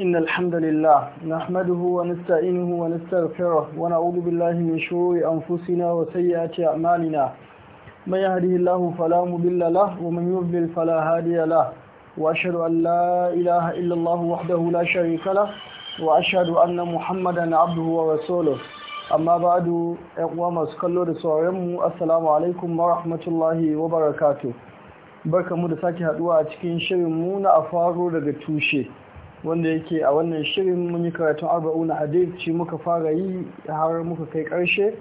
إن الحمد لله نحمده ونستعينه ونستغفره ونعوذ بالله من شرور أنفسنا وسيئات أعمالنا من يهده الله فلا مضل له ومن يضلل فلا هادي له وأشهد أن لا إله إلا الله وحده لا شريك له وأشهد أن محمدا عبده ورسوله amma ba du uwa masu kallo da sauranmu assalamu alaikum wa rahmatullahi wa barakatu barkamu da sake haduwa a cikin shirinmu na afaro daga tushe wanda yake a wannan shirin mun yi karatun arba'una hadith shi muka fara yi har muka kai karshe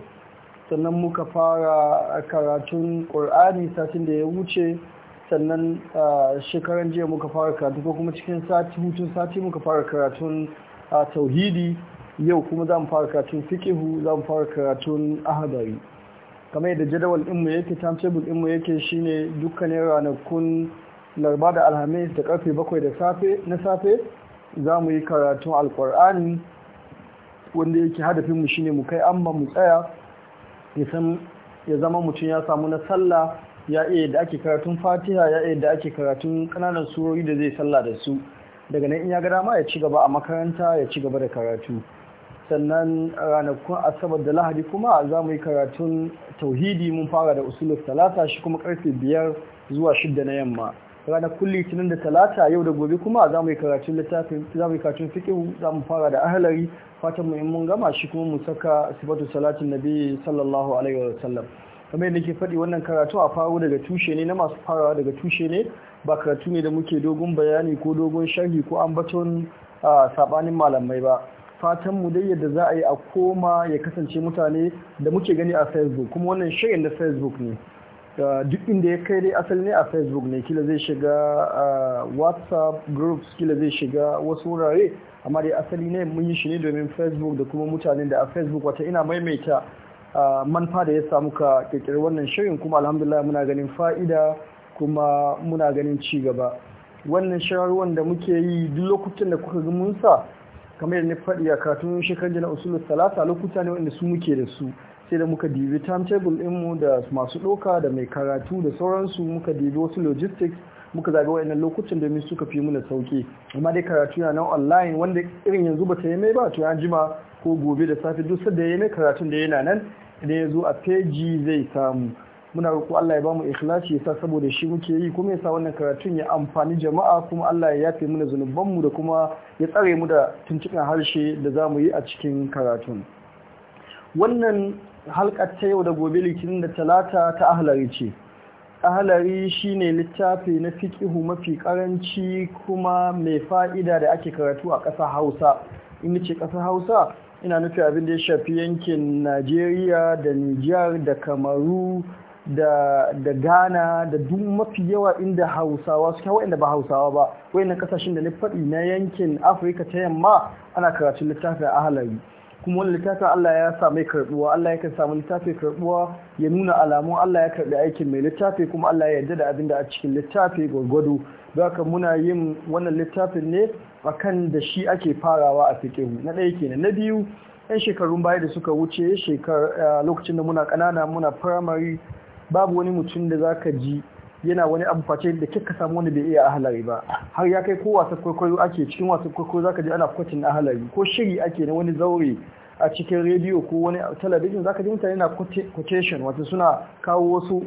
sannan muka fara karatun qur'ani satin da ya wuce sannan shekaran jiya muka fara karatu ko kuma cikin sati hutun sati muka fara karatun tauhidi yau kuma za mu fara karatun fiqihu za mu fara karatun ahadari kamar yadda jadawal ɗinmu yake timetable ɗinmu yake shine dukkanin ranakun larba da alhamis da karfe bakwai na safe za mu yi karatun alkur'ani wanda yake hadafinmu shi ne mu kai amma mu tsaya ya zama mutum ya samu na sallah ya iya da ake karatun fatiha ya iya da ake karatun kananan surori da zai sallah da su daga nan in ya gada ma ya ci gaba a makaranta ya ci gaba da karatu sannan ranakun asabar da lahadi kuma za mu yi karatun tauhidi mun fara da usulul talasa shi kuma karfe biyar zuwa shidda na yamma ranar kulli tunan da talata yau da gobe kuma za mu yi karatun littafin za mu yi karatun za mu fara da ahalari fatan mu in mun gama shi kuma mu saka sifatu salatin nabi sallallahu alaihi wa sallam kamar yadda ke faɗi wannan karatu a faro daga tushe ne na masu farawa daga tushe ne ba karatu ne da muke dogon bayani ko dogon sharhi ko ambaton sabanin malamai ba fatan mu dai yadda za a yi a koma ya kasance mutane da muke gani a facebook kuma wannan shirin na facebook ne Uh, duk inda ya kai dai asali ne a facebook ne kila zai shiga uh, whatsapp groups kila zai shiga wasu wurare amma dai asali ne mun yi shi ne domin facebook da kuma mutanen da a facebook wata ina maimaita uh, manfa da ya samu ka kirkiri wannan shirin kuma alhamdulillah muna ganin fa'ida kuma muna ganin ci gaba wannan shirarwan da muke yi duk lokutan da kuka ga mun kamar yadda na faɗi a katunan shekarar jana usulun salasa lokuta ne wanda su muke da su sai da muka dibi timetable dinmu da masu ɗauka da mai karatu da sauransu muka dibi wasu logistics muka zaga wayannan lokutan domin suka fi muna sauki amma dai karatu na nan online wanda irin yanzu ba ta yi mai ba to ya jima ko gobe da safe duk sadda ya mai karatun da yana nan idan ya zo a feji zai samu muna roƙo Allah ya bamu ikhlasi yasa saboda shi muke yi kuma yasa wannan karatun ya amfani jama'a kuma Allah ya yafe mana mu da kuma ya tsare mu da tuntuɓin harshe da za mu yi a cikin karatun wannan halkar ta yau da gobe litinin da talata ta ahlari ce ahlari shine littafi na fiƙihu mafi ƙaranci kuma mai fa'ida da ake karatu a ƙasa hausa in ce ƙasa hausa ina nufi abin da ya shafi yankin najeriya da nijar da kamaru da, da ghana da duk mafi yawa inda hausawa suke inda ba hausawa ba waɗannan ƙasashen da na faɗi na yankin afirka ta yamma ana karatun littafin ahalari kuma wani littafin Allah ya sami mai karbuwa Allah yakan samu littafin karbuwa ya nuna alamun Allah ya karɓi aikin mai littafi kuma Allah ya yarda da abin da a cikin littafi gwargwado don haka muna yin wannan littafin ne a kan da shi ake farawa a fiƙihu na ɗaya kenan na biyu yan shekarun baya da suka wuce eh, lokacin da muna ƙanana muna firamare babu wani mutum da zaka ji yana wani abu face da kika samu wani bai iya ahalari ba har ya kai ko wasan kwaikwayo ake cikin wasan kwaikwayo zaka ji ana kwacin ahalari ko shiri ake na wani zaure a cikin rediyo ko wani talabijin zaka ji mutane na quotation wato suna kawo wasu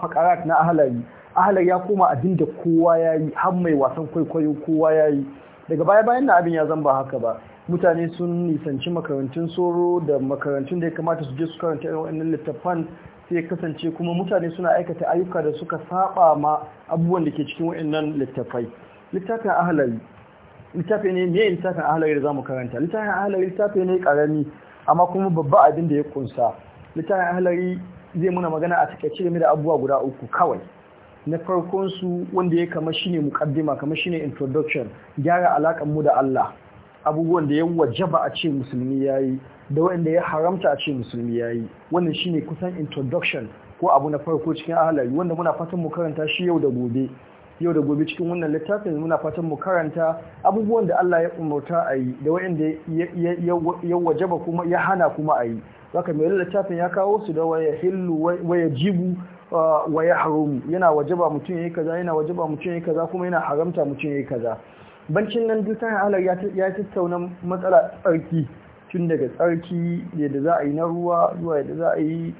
fakarat na ahalari ahalari ya koma abin da kowa ya yi har mai wasan kwaikwayo kowa ya yi daga baya bayan na abin ya zan ba haka ba mutane sun nisanci makarantun soro da makarantun da ya kamata su je su karanta irin wannan littattafan sai kasance kuma mutane suna aikata ayyuka da suka saba ma abubuwan da ke cikin wa'annan littafai littafin ahlali littafi ne mai littafin ahlali da zamu karanta littafin ahlali littafi ne karami amma kuma babba abin da ya kunsa littafin ahlali zai muna magana a takaice game da abubuwa guda uku kawai na farkon su wanda ya kama shine mukaddima kama shine introduction gyara alakan mu da Allah abubuwan da ya wajaba a ce musulmi yayi da wanda ya haramta a ce musulmi ya yi. wannan shine kusan introduction ko abu na farko cikin ahalari. wanda muna fatan mu karanta shi yau da gobe yau da gobe cikin wannan littafin muna fatan mu karanta abubuwan da Allah ya umarta a yi da wanda ya wajaba kuma ya hana kuma a yi zaka mai littafin ya kawo su da waya hillu waya jibu uh, waya harumu yana wajaba mutum ya yi kaza yana wajaba mutum ya yi kaza kuma yana haramta mutum ya yi kaza bancin nan duk halar ya tattauna matsala tsarki tun daga tsarki yadda za a yi na ruwa zuwa yadda za a yi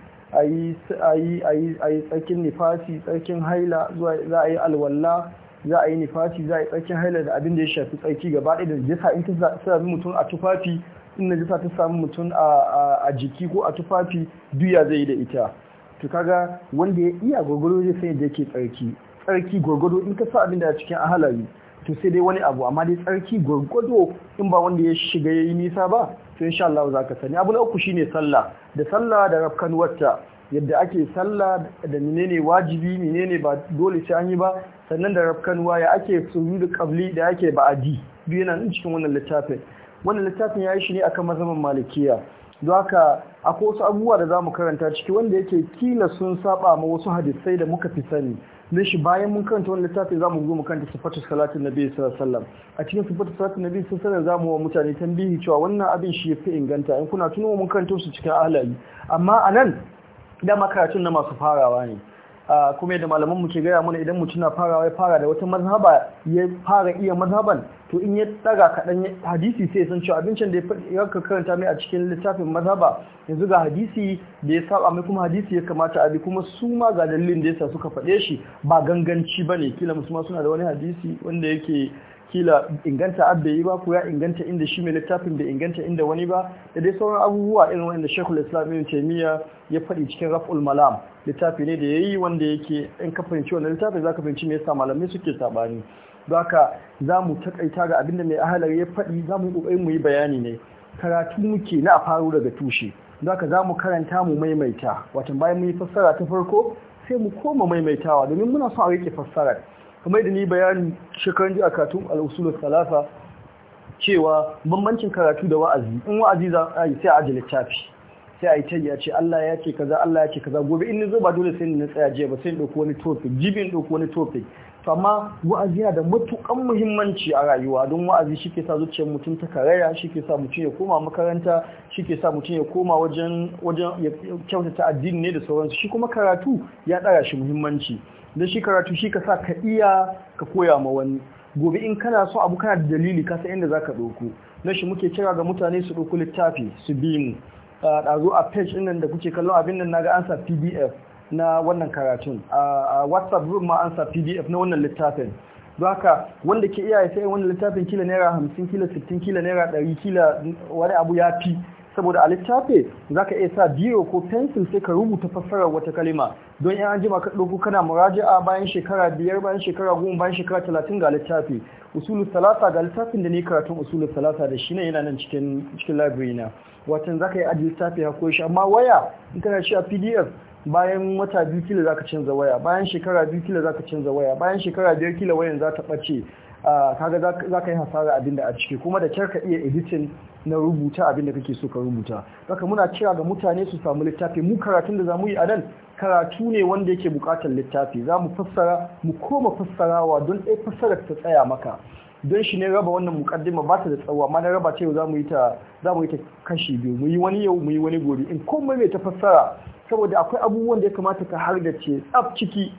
a yi tsarkin nifasi tsarkin haila zuwa za a yi alwala za a yi nifasi za a yi tsarkin haila da abin da ya shafi tsarki gaba ɗaya da jisa in ta sami mutum a tufafi in na jisa ta sami mutum a jiki ko a tufafi duya zai yi da ita to kaga wanda ya iya gwagwado zai san yadda yake tsarki tsarki gwagwado in ka sa abin da a cikin ahalari to sai dai wani abu amma dai tsarki gwargwado in ba wanda ya shiga ya yi nisa ba to insha Allah za ka sani abu na uku shine sallah da sallah da rafkanuwarta yadda ake sallah da menene wajibi menene ba dole sai an yi ba sannan da rafkan ya ake da qabli da ake ba'adi biyu nan cikin wannan littafin wannan littafin ya yi shi ne akan mazhaban malikiya don haka akwai wasu abubuwa da za mu karanta ciki wanda yake kila sun saba ma wasu hadisai da muka fi sani zai shi bayan mun karanta wani littafi za mu zo mu karanta sifatu salatin nabi sallallahu alaihi wasallam a cikin sifatu salatin nabi sallallahu alaihi wasallam za mu wa mutane tambihi cewa wannan abin shi yafi inganta in kuna tuno mun karanta su cikin ahlali amma anan dama karatun na masu farawa ne kuma yadda malaman mu ke gaya mana idan mutum na farawa ya fara da wata mazhaba ya fara iya mazhaban to in ya daga kaɗan hadisi sai san cewa abincin da ya ka karanta mai a cikin littafin mazhaba yanzu ga hadisi da ya saba mai kuma hadisi ya kamata abi kuma su ma ga dalilin da ya sa suka faɗe shi ba ganganci bane kila musu ma suna da wani hadisi wanda yake kila inganta abbe yi ba ko ya inganta inda shi mai littafin bai inganta inda wani ba da dai sauran abubuwa irin wanda shekul Islam Ibn Taymiyyah ya faɗi cikin Raf'ul Malam littafi ne da yayi wanda yake in ka fahimci wannan littafin zaka fahimci me yasa malamai suke sabani baka za mu takaita ga abinda mai ahalar ya faɗi za mu yi mu yi bayani ne karatu muke na a faru daga tushe zaka za mu karanta mu maimaita watan bayan mu yi fassara ta farko sai mu koma maimaitawa domin muna son a rike fassarar kamar da ni bayani shekaran ji a katun al'usulun salasa cewa bambancin karatu da wa'azi in wa'azi za a yi sai a ajiye littafi sai a yi tayyar ce Allah ya ce kaza Allah ya ce kaza gobe in ni zo ba dole sai ni na tsaya jiya ba sai in ɗauko wani topic jibin ɗauko wani topic to amma wa'azi yana da matukan muhimmanci a rayuwa don wa'azi shi ke sa zuciyar mutum ta karaya shi ke sa mutum ya koma makaranta shi ke sa mutum ya koma wajen ya kyautata addini ne da sauransu shi kuma karatu ya ɗara shi muhimmanci don shi karatu shi ka sa ka iya ka koya ma wani gobe in kana so abu kana da dalili ka san inda zaka ɗauko na shi muke kira ga mutane su ɗauko littafi su bi mu a ɗazu a page ɗin nan da kuke kallon abin nan naga ga ansa pdf na wannan karatun a whatsapp group ma an pdf na wannan littafin don haka wanda ke iya sai wannan littafin kila naira hamsin kila sittin kila naira ɗari kila wani abu ya fi saboda a littafi za ka iya sa biro ko fensil sai ka rubuta fassarar wata kalima don yan an jima ka ɗauko kana muraja'a bayan shekara biyar bayan shekara goma bayan shekara talatin ga littafi usulu salasa ga littafin da ne karatun usulu salasa da shi ne yana nan cikin cikin library na watan za ka yi ajiye littafi ha shi amma waya in kana shi a pdf bayan wata biyu kila zaka canza waya bayan shekara biyu kila zaka canza waya bayan shekara biyar kila wayan za ta bace kaga za ka yi hasara abinda a ciki kuma da kyar ka iya editing na rubuta abinda kake so ka rubuta haka muna kira ga mutane su samu littafi mu karatun da za mu yi a nan karatu ne wanda yake bukatar littafi za mu fassara mu koma fassarawa don ɗaya fassarar ta tsaya maka don shi ne raba wannan mukaddima ba ta da tsawo amma na raba ce za mu yi ta kashi biyu mu yi wani yau mu yi wani gobe in komai mai ta fassara saboda akwai abubuwan da ya kamata ka har da ce tsaf ciki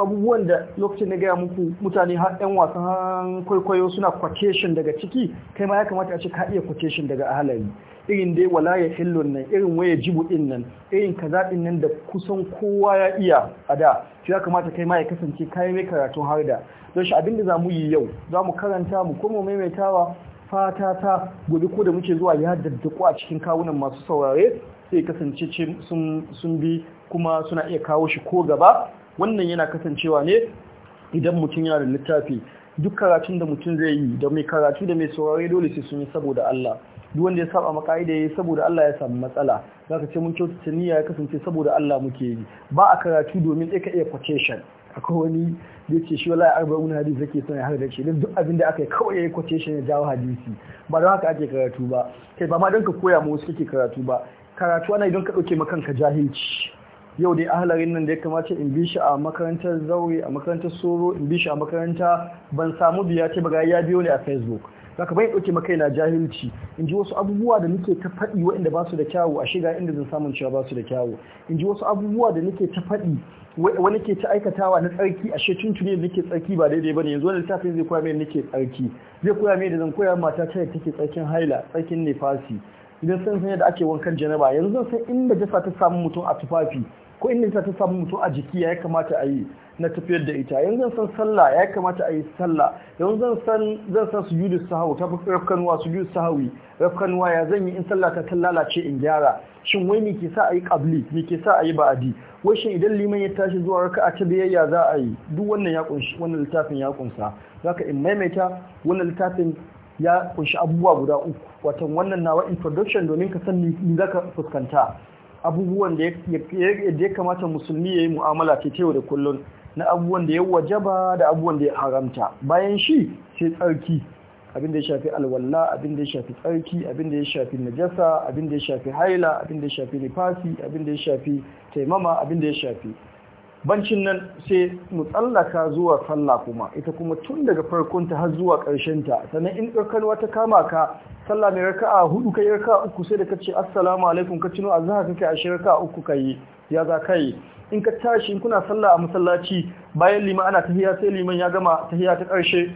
abubuwan da lokacin da gaya muku mutane har ɗan wasan kwaikwayo suna quotation daga ciki kai ma ya kamata a ce ka iya quotation daga ahalari irin dai wala ya hillun nan irin waya jibu din nan irin kaza din nan da kusan kowa ya iya a da shi ya kamata kai ma ya kasance kayan mai karatu har da don shi abin da za mu yi yau za mu karanta mu koma maimaitawa fata ta gobe ko da muke zuwa ya daddaku a cikin kawunan masu saurare sai kasance sun bi kuma suna iya kawo shi ko gaba wannan yana kasancewa ne idan mutum yana da littafi duk karatun da mutum zai yi da mai karatu da mai saurari dole sai sun yi saboda Allah duk wanda ya saba maka'ida yayi saboda Allah ya samu matsala zaka ce mun kyautata niyya ya kasance saboda Allah muke yi ba a karatu domin sai ka iya quotation akwai wani da ce shi wallahi arba'un hadisi zake son har da shi don duk abin da aka yi kawai yayi quotation ya jawo hadisi ba don haka ake karatu ba kai ba ma don ka koya ma wasu kake karatu ba karatu ana idan ka ɗauke makanka jahilci yau dai halarin nan da ya kamata in bi shi a makarantar zaure a makarantar soro in bi shi a makaranta ban samu biya ce ba ya biyo ne a facebook zaka bai ɗauke maka na jahilci in ji wasu abubuwa da nake ta faɗi waɗanda ba su da kyawu a shiga inda zan samun cewa ba su da kyawu in ji wasu abubuwa da nake ta faɗi wani ke ta aikatawa na tsarki ashe tuni da nake tsarki ba daidai ba ne yanzu wani littafin zai koya mai nake tsarki zai koya mai da zan koya mata ta yadda take tsarkin haila tsarkin nefasi idan sun san yadda ake wankan janaba yanzu zan san inda jasa ta samu mutum a tufafi ko inda jasa ta samu mutum a jiki ya kamata a yi na tafiyar da ita yanzu zan san sallah ya kamata a yi sallah yanzu zan san zan san sujudu sahawi ta fi rafkanuwa sujudu sahawi rafkanuwa ya zan yi in sallah ta lalace in gyara shin wai me ke sa a yi qabli me ke sa a yi ba'adi wai shin idan liman ya tashi zuwa raka'a ta biyayya za a yi duk wannan ya littafin ya kunsa zaka in maimaita wannan littafin ya kunshi abubuwa guda uku watan wannan nawa introduction domin ka san ni za ka fuskanta abubuwan da ya kamata musulmi ya yi mu'amala ta yau da kullun na abubuwan da ya wajaba da abubuwan da ya haramta bayan shi sai tsarki abin da ya shafi alwala abin da ya shafi tsarki abin da ya shafi najasa abin da ya shafi haila abin da ya shafi nifasi abin da ya shafi taimama abin da ya shafi bancin nan sai mu tsallaka zuwa sallah kuma ita kuma tun daga ta har zuwa ta sannan in ƙarƙarwa ta kama ka sallah mai raka'a hudu kai raka'a uku sai da ka ce assalamu alaikum ka cino azhar kai a shi raka'a uku kai ya za kai in ka tashi in kuna sallah a masallaci bayan liman ana tahiya sai liman ya gama tahiya ta ƙarshe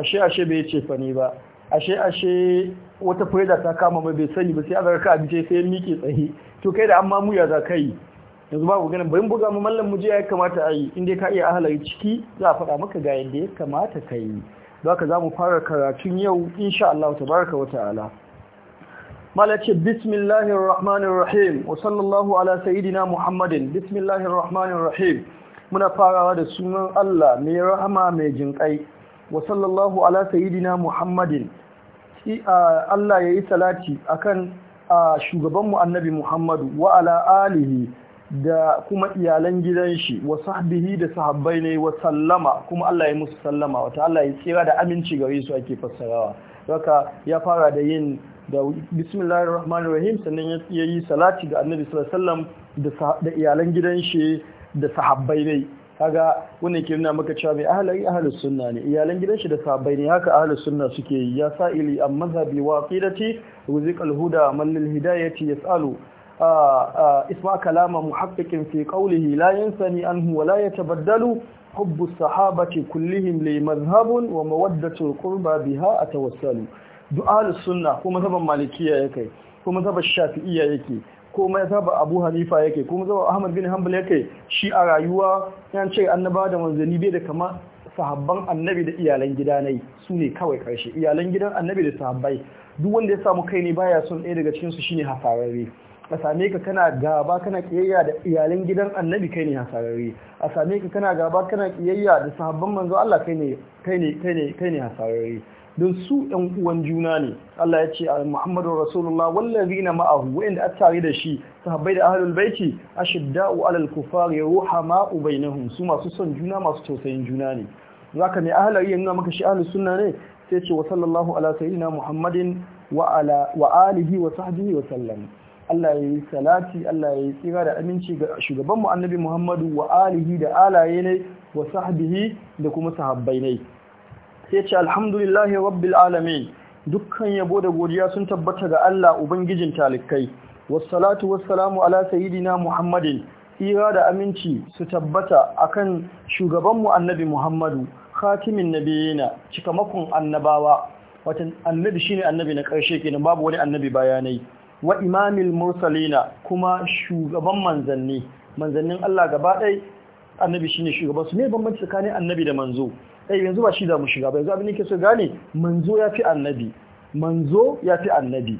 ashe ashe bai ce fa ba ashe ashe wata faida ta kama mai bai sani ba sai azhar ka abinci sai ya miƙe tsaye to kai da amma mu ya za kai yanzu babu ganin bayan buga mu mallam mu je ya kamata a yi inda ka iya ahalari ciki za a faɗa maka ga yadda ya kamata ka yi za ka za mu fara karatun yau insha Allah tabaraka wa ta'ala ce bismillahir rahmanir rahim wa sallallahu ala sayyidina muhammadin bismillahir rahmanir rahim muna farawa da sunan Allah mai rahama mai jinƙai wa sallallahu ala sayyidina muhammadin Allah ya yi salati akan shugabanmu annabi muhammadu wa ala alihi da kuma iyalan gidan shi wa sahbihi da sahabbai ne wa sallama kuma Allah ya musu sallama wata Allah ya tsira da aminci gare su ake fassarawa haka ya fara da yin da bismillahir rahmanir rahim sannan ya yi salati ga annabi sallallahu alaihi wasallam da iyalan gidan shi da sahabbai ne kaga wannan ke nuna maka cewa mai ahlari ahlus sunna ne iyalan gidan shi da sahabbai ne haka ahlus sunna suke yi ya sa'ili amma zabi wa aqidati ruziqal huda man lil hidayati yas'alu isma kalama muhaqqiqin fi qawlihi la yansani anhu wa la yatabaddalu hubbu sahabati kullihim li madhhabun wa mawaddatu qurba biha atawassalu du'a sunna ko zaban malikiya yake ko mazhaban shafi'iyya yake ko mazhaban abu hanifa yake ko mazhaban ahmad bin hanbal yake shi a rayuwa yan ce annaba da manzani bai da kama sahabban annabi da iyalan gida nai su ne kawai karshe iyalan gidan annabi da sahabbai duk wanda ya samu kai ne baya son ɗaya daga cikin su shine hasararre a same ka kana gaba kana kiyayya da iyalan gidan annabi kai ne sarari. a same ka kana gaba kana kiyayya da sahabban manzo Allah kai ne kai ne don su ɗan uwan juna ne Allah ya ce a Muhammadu Rasulullah wallazina ma'ahu wa'inda aka tare da shi sahabbai da ahlul baiti ashidda'u alal kufari ruhama'u bainahum su masu son juna masu tausayin juna ne zaka mai ahlari yana maka shi ahlus sunna ne sai ce wa sallallahu ala sayyidina Muhammadin wa wa alihi wa sahbihi wa sallam Allah ya yi salati Allah ya yi tsira da aminci ga shugabanmu annabi Muhammadu wa alihi da alaye ne wa sahbihi da kuma sahabbai ne sai ce alhamdulillahi rabbil alamin dukkan yabo da godiya sun tabbata ga Allah ubangijin talikai wassalatu wassalamu ala sayyidina Muhammadin tsira da aminci su tabbata akan shugabanmu annabi Muhammadu khatimin nabiyina cikamakon annabawa watan annabi shine annabi na karshe kenan babu wani annabi bayanai wa imamil mursalina kuma shugaban manzanni manzannin Allah gaba ɗai annabi shine shugaban su ne bambanci tsakanin annabi da manzo ɗai eh, yanzu ba shi da mu shiga ba yanzu abin da so gane manzo ya fi annabi manzo ya fi annabi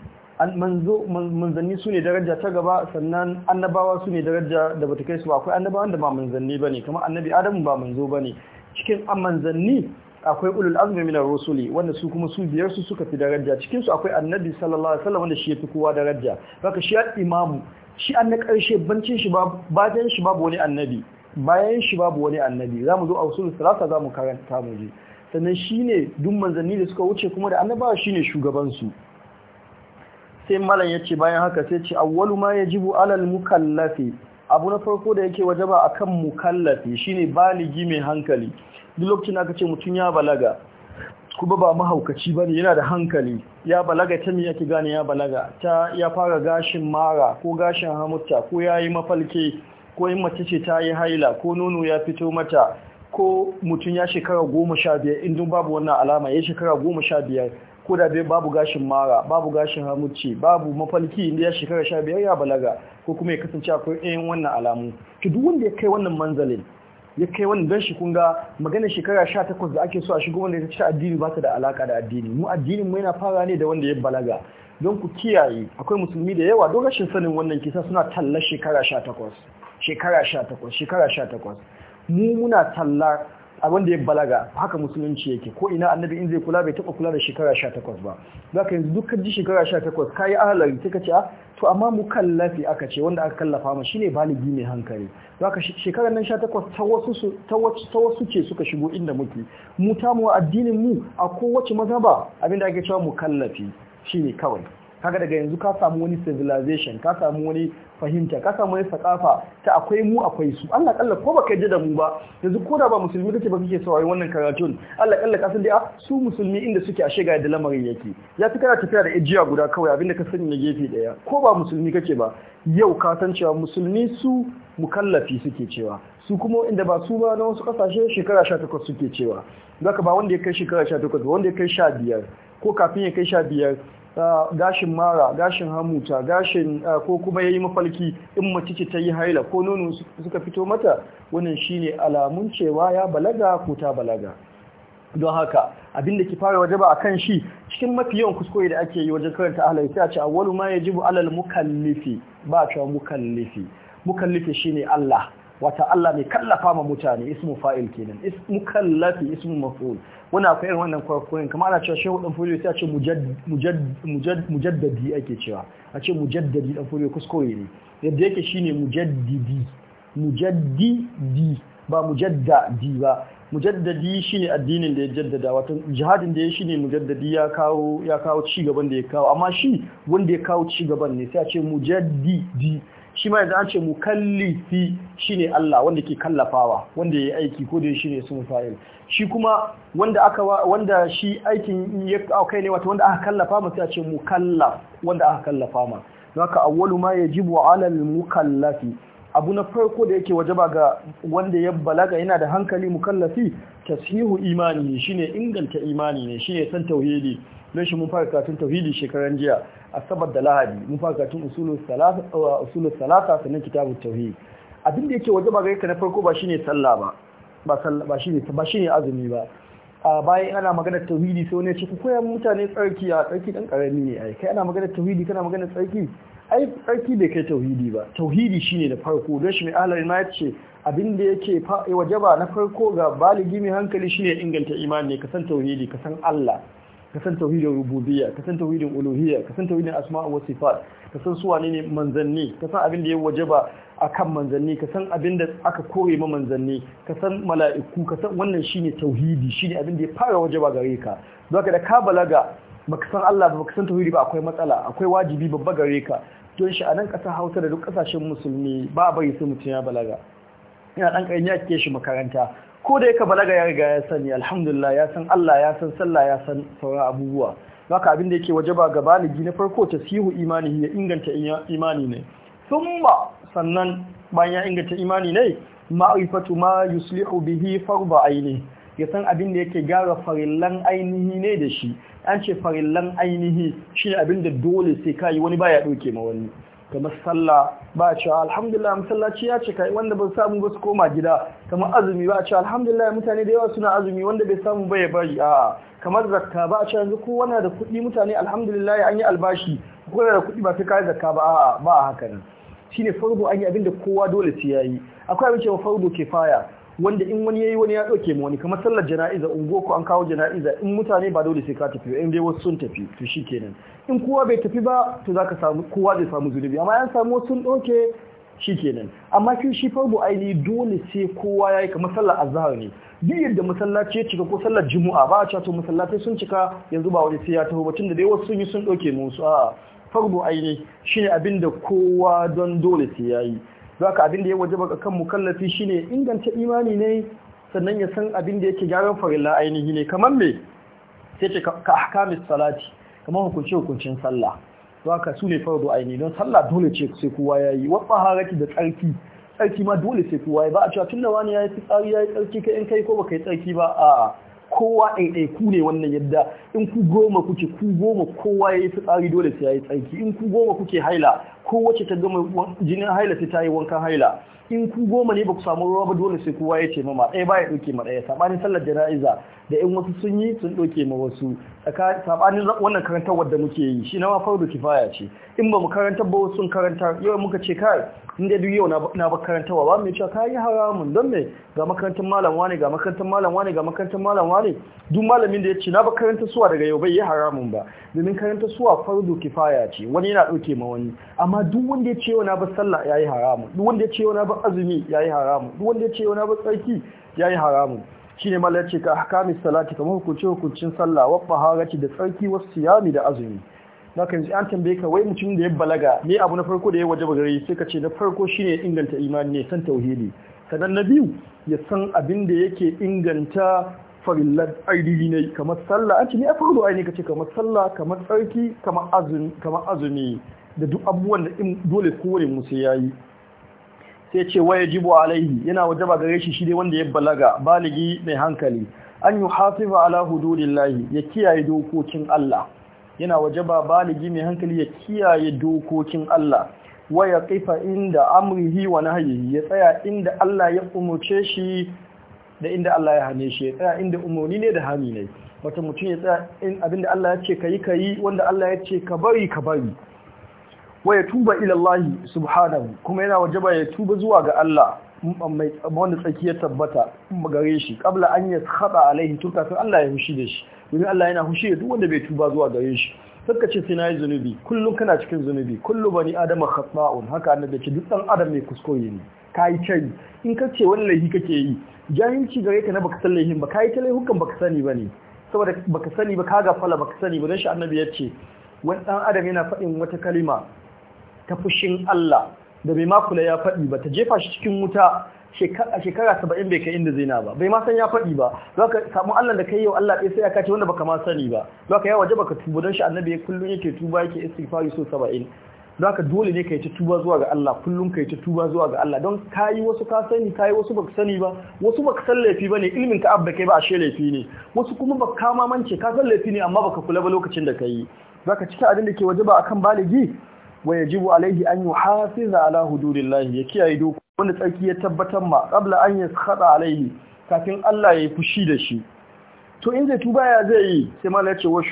manzo manzanni su ne daraja ta gaba sannan annabawa su ne daraja da bata kai su ba akwai annabawan da ba manzanni bane kamar annabi adamu ba manzo bane cikin manzanni akwai ulul azmi minar rusuli wanda su kuma su biyar su suka fi daraja cikin su akwai annabi sallallahu alaihi wasallam wanda shi ya fi kowa daraja haka shi imamu shi an na karshe bancin shi babu bayan shi babu wani annabi bayan shi babu wani annabi zamu zo a usul salasa zamu karanta mu je sannan shi ne duk manzanni da suka wuce kuma da annabawa ne shugaban su sai malam ya ce bayan haka sai ce awwalu ma yajibu alal mukallafi abu na farko da yake wajaba akan mukallafi shine baligi mai hankali duk lokacin aka ce mutum ya balaga kuma ba mahaukaci ba ne yana da hankali ya balaga ta me yake gane ya balaga ta ya fara gashin mara ko gashin hamutta ko ya yi mafalke ko in mace ce ta yi haila ko nono ya fito mata ko mutum ya shekara goma sha biyar in babu wannan alama ya shekara goma sha biyar ko da bai babu gashin mara babu gashin hamuci babu mafalki inda ya shekara sha biyar ya balaga ko kuma ya kasance akwai ɗayan wannan alamu to duk wanda ya kai wannan manzalin ya kai wani don shi kunga magana shekara 18 da ake so a shigo wanda ya ci addini ba ta da alaka da addini mu addinin mu yana fara ne da wanda ya balaga don ku kiyaye akwai musulmi da yawa don rashin sanin wannan kisa suna tallar shekara 18 shekara 18 shekara 18 mu muna talla. abin da ya balaga haka musulunci yake ko ina annabi in zai kula bai taba kula da shekara 18 ba za zaka yanzu dukkan ji shekara 18 yi ahalari sai ka ce to amma mu kallafi aka ce wanda aka kallafa shi shine baligi mai hankali za ka shekarar nan 18 ta wasu ta wasu ce suka shigo inda muke mu ta mu addinin mu a kowace mazhaba abinda ake cewa mu mukallafi ne kawai kaga daga yanzu ka samu wani civilization ka samu wani fahimta ka samu wani sakafa ta akwai mu akwai su Allah kalla ko baka ji da mu ba yanzu ko da ba musulmi kake ba kake saurari wannan karatun Allah kalla ka san dai ah, su musulmi inda suke a shiga da lamarin yake ya fi kana tafiya da ajiya guda kawai abinda ka sani na gefe daya ko ba musulmi kake ba yau ka san cewa musulmi su mukallafi suke cewa su kuma inda ba su ba na wasu kasashe shekara 18 suke cewa zaka ba wanda ya kai shekara 18 ba wanda ya kai 15 ko kafin ya kai sha biyar. gashin mara gashin hamuta gashin ko kuma ya yi mafalki in mace ce ta yi haila ko nono suka fito mata wannan shine alamun cewa ya balaga ko ta balaga don haka abinda ki fara waje a kan shi cikin mafi yawan kuskure da ake yi wajen karanta ahalari sai a ce awwalu ma yajibu alal mukallifi ba ta mukallifi mukallifi shine Allah wata Allah mai kallafa ma mutane ismu fa'il kenan ismu kallafi ismu maf'ul Muna akwai wannan kwaikwayon kamar ana cewa shehu dan furiyo sai a ce mujaddadi ake cewa a ce mujaddadi dan furiyo kuskure ne yadda yake shine mujaddidi mujaddidi ba mujaddadi ba mujaddadi shine addinin da ya jaddada wato jihadin da ya shine mujaddadi ya kawo ya kawo ci gaban da ya kawo amma shi wanda ya kawo ci gaban ne sai a ce mujaddidi shi ma yanzu an ce mukallifi shine Allah wanda ke kallafawa wanda yi aiki ko da shine sun fa'il shi kuma wanda aka wanda shi aikin ya kai ne wato wanda aka kallafa mu sai a ce mukallaf wanda aka kallafa ma don haka awwalu ma yajibu 'ala al-mukallafi abu na farko da yake wajaba ga wanda ya balaga yana da hankali mukallafi tasihu imani shine inganta imani ne shine san tauhidi don shi mun fara karatun tauhidi shekaran jiya asabar da lahadi mun fara karatun usulul salasa uh, usulul salasa sannan kitabut tauhid abin da yake waje ba gare ka na farko ba shine sallah ba ba sallah ba shine ba shine azumi ba a bayan ana magana tauhidi sai wani ya ce ku koya mutane tsarki a tsarki dan karami ne ai kai ana magana tauhidi kana magana tsarki ai tsarki bai kai tauhidi ba tauhidi shine da farko don shi mai ahlari ma yace abin da yake wajaba na farko ga baligi mai hankali shine inganta imani ka san tauhidi ka san Allah kasan tauhidin rububiyya kasan tauhidin uluhiyya ka tauhidin asma wa sifat ka su wane ne manzanni ka san abin da ya wajaba akan manzanni ka san abin da aka kore ma manzanni ka san mala'iku ka wannan shine tauhidi shine abin da ya fara wajaba gare ka don da ka balaga baka san Allah ba baka san tauhidi ba akwai matsala akwai wajibi babba gare ka don shi a nan kasar Hausa da duk kasashen musulmi ba bari sai mutum ya balaga ina dan ne ake shi makaranta ko da yake balaga ya riga ya sani alhamdulillah ya san Allah ya san sallah ya san sauran abubuwa haka abin da yake wajaba ga baligi na farko ta tasihu imani ya inganta imani ne thumma sannan bayan ya inganta imani ne ma'rifatu ma yuslihu bihi farba aini ya san abin da yake gyara farillan ainihi ne da shi an ce farillan ainihi shine abin da dole sai kai wani baya doke ma wani kamar sallah ba a cewa alhamdulillah masallaci ya cika wanda ban samu ba su koma gida kamar azumi ba a cewa alhamdulillah mutane da yawa suna azumi wanda bai samu ba ya bari a kamar zakka ba a cewa yanzu kowa na da kuɗi mutane alhamdulillah an yi albashi kowa da kuɗi ba su kai zakka ba a ba a haka ne shine an yi abin da kowa dole sai yayi akwai abin cewa farbo kifaya wanda in wani yayi wani ya dauke mu wani kamar sallar jana'iza ungo ko an kawo jana'iza in mutane ba dole sai ka tafi ba, in dai wasu sun tafi to shikenan in kowa bai tafi ba to zaka samu kowa zai samu zunubi amma an samu wasu sun dauke shikenan amma shi shi farbu aini dole sai kowa yayi kamar sallar azhar ne duk yadda masallaci ya cika ko sallar juma'a ba a cewa to masallaci sun cika yanzu ba wani sai ya taho ba tunda dai wasu sun yi sun dauke mu su a farbu aini shine abinda kowa don dole sai yayi don haka abin da ya waje baka kan mukallafi ne inganta imani ne sannan ya san abin da yake gyaran farilla ainihi ne kamar me sai ce ka ahkami salati kamar hukunce hukuncin sallah don haka su ne fardu ainihi don sallah dole ce sai kowa ya yi. Wasu haraki da tsarki tsarki ma dole sai kowa ya ba a cewa tun da wani yi fitsari yi tsarki ka in kai ko baka yi tsarki ba a'a kowa ɗaiɗai ku ne wannan yadda in ku goma kuke ku goma kowa ya yi tsari dole sai ya yi tsarki in ku goma kuke haila ko wacce ta gama jinin haila sai ta yi wankan haila in ku goma ne ba ku samu ruwa ba dole sai kowa ya ce mama ɗaya baya ɗauke ma ɗaya saɓanin sallar jana'iza da in wasu sun yi sun ɗauke ma wasu saɓanin wannan karantarwar da muke yi shi na ma fardu kifaya ce in ba mu karanta ba wasu sun karanta. yau muka ce kai in dai duk yau na ba karantarwa ba mai cewa yi haramun don me ga makarantar malam wane ga makarantar malam wane ga makarantar malam wane duk malamin da ya ce na ba karanta suwa daga yau bai yi haramun ba domin karanta suwa fardu kifaya ce wani yana ɗauke ma wani amma duk wanda ya ce yau na ba sallah ya yi haramun duk wanda ya ce yau na ba azumi ya yi haramun duk wanda ya ce yau na ba tsarki yi haramun shine mallan ce ka ahkamis salati kamar hukunci hukuncin sallah wa taharati da tsarki wasu siyami da azumi na kan ji an tambaye ka wai mutum da ya balaga ne abu na farko da ya waje gare sai ka ce na farko shine inganta imani ne san tauhidi sannan na biyu ya san abin da yake inganta farillar aidi ne kamar sallah an ce ne a farko aini ka ce kamar sallah kamar tsarki kamar azumi da duk abubuwan da dole kowane musu yayi sai ce waya jibu alaihi yana wajaba gare shi shi dai wanda ya balaga baligi mai hankali an yi hafiza ala hududillahi ya kiyaye dokokin Allah yana wajaba baligi mai hankali ya kiyaye dokokin Allah waya kifa inda amrihi wa nahyihi ya tsaya inda Allah ya umurce shi da inda Allah ya hane shi ya tsaya inda umurni ne da hani ne wata mutum ya tsaya abinda Allah ya ce kayi kayi wanda Allah ya ce ka bari ka bari wa ya tuba ilallahi, Allah subhanahu kuma yana wajaba ya tuba zuwa ga Allah mai wanda tsaki ya tabbata gare shi kabla an ya a alaihi tun kafin Allah ya hushi da shi domin Allah yana hushi da duk wanda bai tuba zuwa gare shi sarka ce sai yi zunubi kullum kana cikin zunubi kullum bani adama khata'un haka annabi ce duk dan adam mai kuskure ne kai cai in ka ce wani laifi kake yi jahilci gare ka na baka san laifin ba kai ta laifukan baka sani bane saboda baka sani ba ka fala baka sani ba dan shi annabi ya ce wani dan adam yana faɗin wata kalima ta fushin Allah da bai makula ya faɗi ba ta jefa shi cikin wuta a shekara saba'in bai kai inda zina ba bai ma san ya faɗi ba za ka samu Allah da kai yau Allah ɗaya sai ya kace wanda baka ma sani ba za ka yawa baka tubu don shi annabi kullum yake tuba yake istighfari so saba'in za ka dole ne ka yi ta tuba zuwa ga Allah kullum ka yi ta tuba zuwa ga Allah don ka yi wasu ka sani ka yi wasu baka sani ba wasu baka san laifi ba ne ilimin ka abba kai ba ashe laifi ne wasu kuma baka kama mance ka san laifi ne amma baka kula ba lokacin da ka yi za ka cika abin da ke waje ba akan baligi wa yajibu alaihi an yuhafiza ala hududillahi ya kiyaye dokokin wanda tsarki ya tabbatar ma qabla an yaskhata alaihi kafin Allah ya yi fushi da shi to in zai tuba ya zai yi sai malai ce wa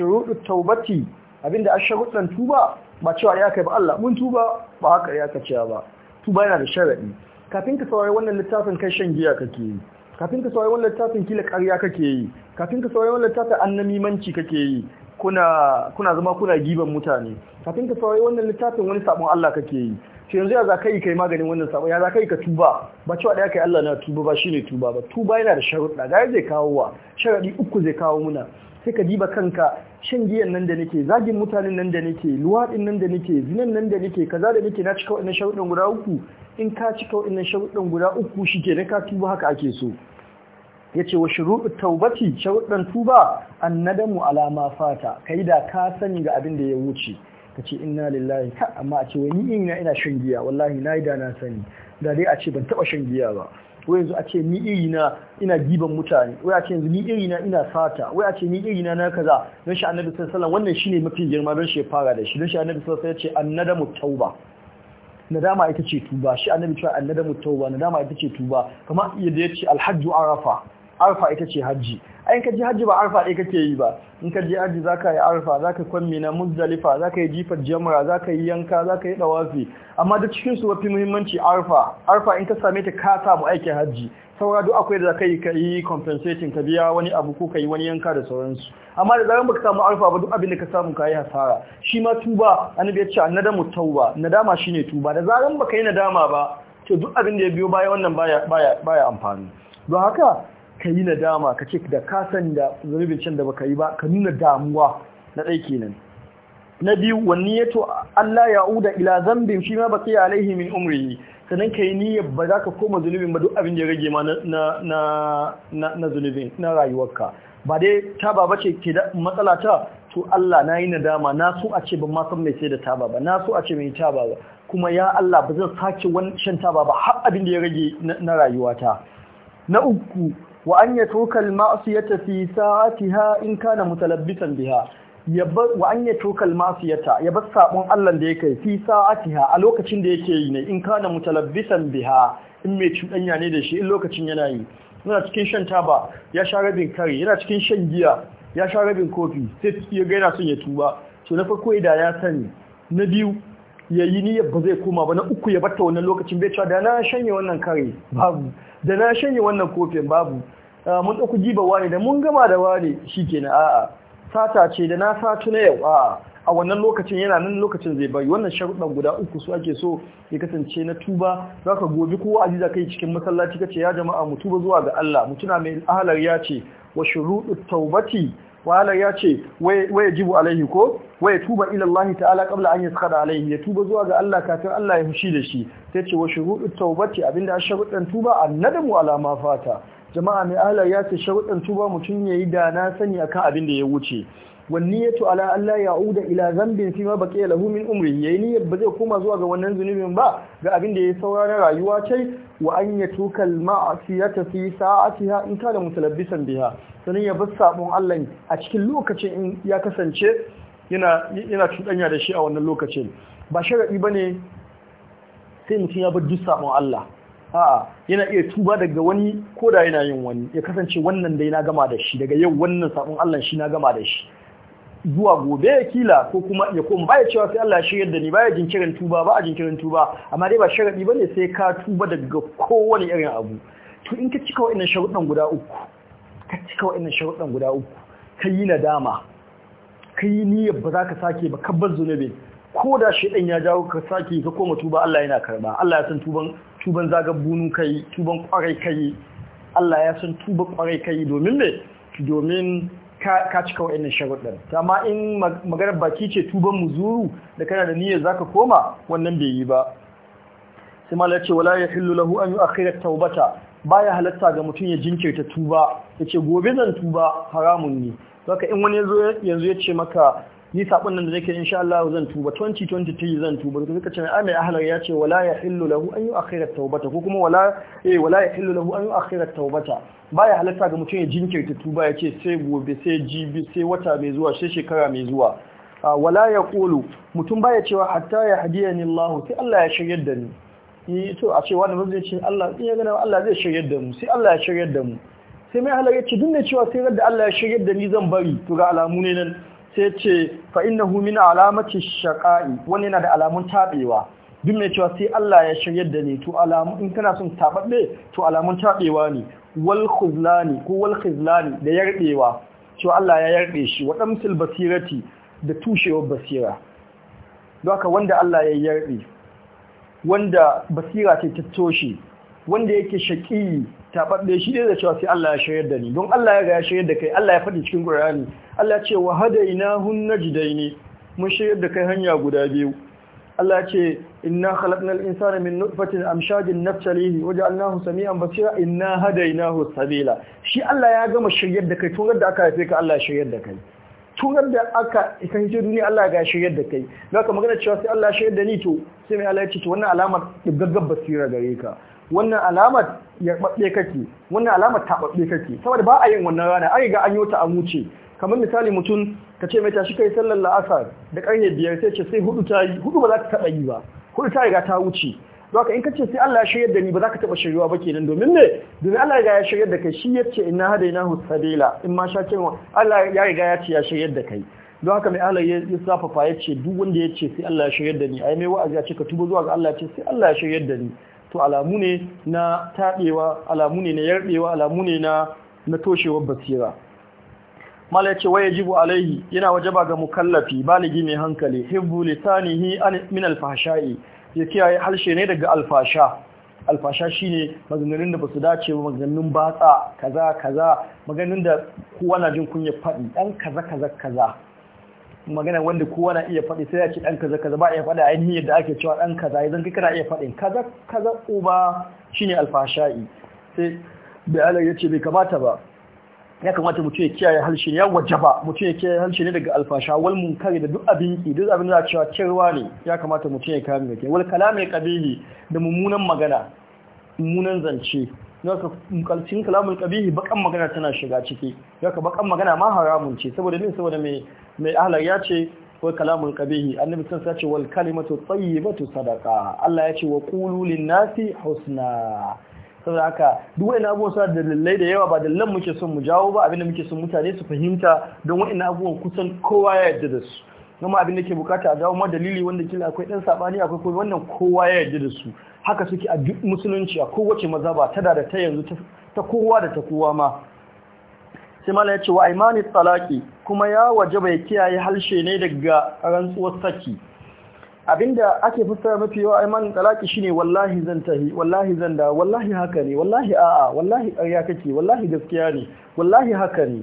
taubati abinda a sharuɗan tuba ba cewa ya kai ba Allah mun tuba ba haka ya ka ba tuba yana da sharaɗi kafin ka saurari wannan littafin kai shan giya kake yi kafin ka saurari wannan littafin kila ƙarya kake yi kafin ka saurari wannan littafin annamimanci kake yi kuna kuna zama kuna giban mutane kafin ka saurari wannan littafin wani sabon Allah kake yi shi yanzu ya ka yi kai maganin wannan sabon ya ka yi ka tuba ba cewa da kai Allah na tuba ba shine tuba ba tuba yana da sharuɗa ga zai kawo wa sharadi uku zai kawo muna sai ka diba kanka shan giyan nan da nake zagin mutanen nan da nake luwaɗin nan da nake zinan nan da nake kaza da nake na cika waɗannan sharuɗan guda uku in ka cika waɗannan sharuɗan guda uku shi ke na ka tuba haka ake so yace wa shuru'ut taubati sharuɗan tuba annadamu ala ma fata kai da ka sani ga abin da ya wuce kace inna lillahi ka amma a ce wani ina ina shan giya wallahi nayi da na sani da dai a ce ban taba shan giya ba ko yanzu a ce ni irina ina giban mutane wai a ce yanzu ni irina ina fata wai a ce ni irina na kaza don shi annabi sallallahu alaihi wasallam wannan shine mafi girma don shi ya fara da shi don shi annabi sallallahu alaihi wasallam ya ce annadamu tauba nadama ita ce tuba shi annabi ce annadamu tauba nadama ita ce tuba kamar yadda ya ce alhajju arafa arfa ita ce hajji in ka ji hajji ba arfa ɗaya kake yi ba in ka je hajji za ka yi arfa za ka kwanmi na muzdalifa za ka yi jifar jamra za ka yi yanka za ka yi ɗawafi amma duk cikin su wafi muhimmanci arfa arfa in ka same ta ka samu aikin hajji saura duk akwai da za ka yi ka yi compensating ka biya wani abu ko ka yi wani yanka da sauransu amma da zaran baka samu arfa ba duk abin da ka samu ka yi hasara shi ma tuba annabi ya ce annadamu tauba nadama shine tuba da zaran baka yi nadama ba to duk abin da ya biyo baya wannan baya baya amfani don haka ka yi nadama ka ce da ka da zunubin can da baka yi ba ka nuna damuwa na ɗai kenan na biyu wani ya to Allah ya uda ila zambin shi ma baki alaihi min umri. sannan yi niyyar ba za ka koma zunubin ba duk abin da ya rage ma na zunubin na rayuwarka ba dai taba ba ce ke matsala ta to Allah na yi nadama na so a ce ban ma san mai sai da taba ba na so a ce mai taba ba kuma ya Allah ba zan sake wani shan taba ba har abin da ya rage na rayuwata na uku wa an yatruka al-ma'siyata fi sa'atiha in kana mutalabbisan biha wa an al-ma'siyata ya bar sabon Allah da yake fi sa'atiha a lokacin da yake yi ne in kana mutalabbisan biha in mai cuɗanya ne da shi in lokacin yana yi yana cikin shan taba ya sha rabin kare yana cikin shan giya ya sha rabin kofi sai ya ga yana son ya tuba to na farko idan ya sani na biyu ya yi ni ba zai koma ba na uku ya batta wannan lokacin bai cewa da na shanye wannan kare babu da na shanye wannan kofin babu Ah, mun ɗauku giba wane da mun gama da wani shi ke na a'a sata ce da na satu na yau a'a a wannan lokacin yana nan lokacin zai bari wannan sharuɗan guda uku su ake so ya kasance na tuba za ka gobi kowa aziza kai cikin masallaci ka ce ya jama'a mu tuba zuwa ga Allah mu tuna mai ahalar ya ce wa shuruɗu taubati wahalar ya ce waya jibu alaihi ko waya tuba ilallahi ta'ala kabla an tsada alaihi ya tuba zuwa ga Allah kafin Allah ya fushi da shi ta ce wa shuruɗu taubati abinda a sharuɗan tuba nadamu alama fata jama'a mai ala ya ce sharuɗan tuba mutum ya yi da na sani akan abin da ya wuce wanni ya ala Allah ya uda ila zambin fi ma baqiya lahu min umri yayi ni ba zai koma zuwa ga wannan zunubin ba ga abin da ya saura na rayuwa ce wa an yatuka al ma'siyata fi sa'atiha in kana mutalabbisan biha sanin ya bar sabon Allah a cikin lokacin in ya kasance yana yana da shi a wannan lokacin ba sharadi bane sai mutum ya bar duk sabon Allah a'a yana iya tuba daga wani ko da yana yin wani ya kasance wannan dai na gama da shi daga yau wannan sabon Allah shi na gama da shi zuwa gobe ya kila ko kuma ya koma baya cewa sai Allah shi yadda ni baya jinkirin tuba ba a jinkirin tuba amma dai ba ba ne sai ka tuba daga kowane irin abu to in ka cika wa'annan sharuɗan guda uku ka cika wa'annan sharuɗan guda uku ka yi nadama ka yi niyyar ba za ka sake ba ka bar zunubi ko da shi ɗan ya jawo ka sake ka koma tuba Allah yana karɓa. Allah ya san tuban tuban zagabunu kai tuban kwarai kai Allah ya san tuba kwarai kai domin me domin ka cika wa'annan sharuɗin amma in maganar baki ce tuban muzuru da kana da niyyar zaka koma wannan bai yi ba sai ma ce wala yahillu lahu an yu'akhkhira taubata Ba ya halatta ga mutum ya jinkirta tuba yace gobe zan tuba haramun ne haka in wani yanzu ya ce maka ni sabon nan da nake insha Allah zan tuba 2023 zan tuba duk suka ce ai mai ahlar ya ce wala ya hillu lahu an yu'akhkhira tawbata ko kuma wala eh wala hillu lahu an yu'akhkhira tawbata baya halatta ga mutum ya jinkirta tuba ya ce sai gobe sai jibi sai wata mai zuwa sai shekara mai zuwa ah, wala ya yaqulu mutum baya cewa hatta hadiyani Allah sai Allah ya shiryar da ni ni to a ce wani mazai ce Allah in ya gana Allah zai shiryar da mu sai Allah ya shiryar da mu sai mai halar ya ce duk da cewa sai da Allah ya shiryar da ni zan bari to ga alamu ne nan sai ce fa innahu min alamati shaqa'i wani yana da alamun tabewa duk mai cewa sai Allah ya shiryar da ni to alamun in kana son tababbe to alamun tabewa ne wal khuzlani ko wal khizlani da yardewa. cewa Allah ya yarbe shi wa damsil basirati da tushewar basira don haka wanda Allah ya yarbe wanda basira ce ta toshe wanda yake ta tababbe shi da cewa sai Allah ya shayar da ni don Allah ya ga ya shayar da kai Allah ya faɗi cikin ƙur'ani Allah ya ce wa dai ne mun shayar da kai hanya guda biyu Allah ya ce inna khalaqnal insana min nutfatin amshajin nabtalihi waja'alnahu samian basira inna hadainahu sabila shi Allah ya gama shayar da kai tun da aka haife ka Allah ya shayar da kai tunar da aka isa ji duniya Allah ga shayar da kai da ka magana cewa sai Allah shayar da ni to sai mai Allah ya ce to wannan alamar gaggab basira gare ka wannan alamar yarbabbe kake wannan alamar tababbe kake saboda ba a yin wannan rana ai riga an yi ta an wuce kamar misali mutum ka ce mai tashi kai sallar la'asar da karye biyar sai ce sai hudu ta yi hudu ba za ta taba yi ba hudu ta riga ta wuce Zaka in ka ce sai Allah ya shiryar da ni ba za ka taɓa shiryuwa ba kenan domin me domin Allah ya shiryar da kai shi ya ce ina hadainahu sabila in ma sha cewa Allah ya riga ya ce ya shiryar da kai don haka mai Allah ya safafa ya ce duk wanda ya ce sai Allah ya shiryar da ni ai mai wa'azi ya ce ka tubo zuwa ga Allah ya ce sai Allah ya shiryar da ni to alamu ne na taɓewa alamu ne na yarɗewa alamu ne na na toshewar basira mala yace waya jibu alaihi yana wajaba ga mukallafi baligi mai hankali hibbu lisanihi min alfahsha'i ya kiyaye harshe ne daga alfasha alfasha shine maganganun da basu dace ba maganganun batsa kaza kaza maganganun da kowa na jin kunya faɗi dan kaza kaza kaza magana wanda kowa na iya faɗi sai ya ce ɗan kaza kaza ba iya faɗi ainihin yadda ake cewa ɗan kaza idan kai kana iya faɗin kaza kaza uba shine alfasha'i sai da ala ya ce bai kamata ba ya kamata mutum ya kiyaye harshe ya wajaba mutum ya kiyaye harshe ne daga alfasha wal munkari da duk abin ki duk abin da cewa kirwa ne ya kamata mutum ya kame wal kalame kabihi da mummunan magana mummunan zance zaka kalcin kalamul qabihi bakan magana tana shiga ciki yaka bakan magana ma haramun ce saboda min saboda mai mai ahlar ya ce wa kalamun kabihi annabi sun sace wal kalimatu tayyibatu sadaqa Allah ya ce wa qulu lin nasi husna saboda haka duk wani abubuwan suna da dalilai da yawa ba da dalilan muke son mu jawo ba abinda muke son mutane su fahimta don wani abubuwan kusan kowa ya yarda da su kuma abin da ke bukata a jawo ma dalili wanda kila akwai dan sabani akwai kuma wannan kowa ya yarda da su haka suke a duk musulunci a kowace mazaba ta da ta yanzu ta kowa da ta kowa ma sai mala ya ce wa imani talaki kuma ya waje bai kiyaye halshe ne daga rantsuwar saki abinda ake fassara mafi yawa imanin talaki shine wallahi zan tahi wallahi zan da wallahi haka ne wallahi a'a wallahi ƙarya kake wallahi gaskiya ne wallahi haka ne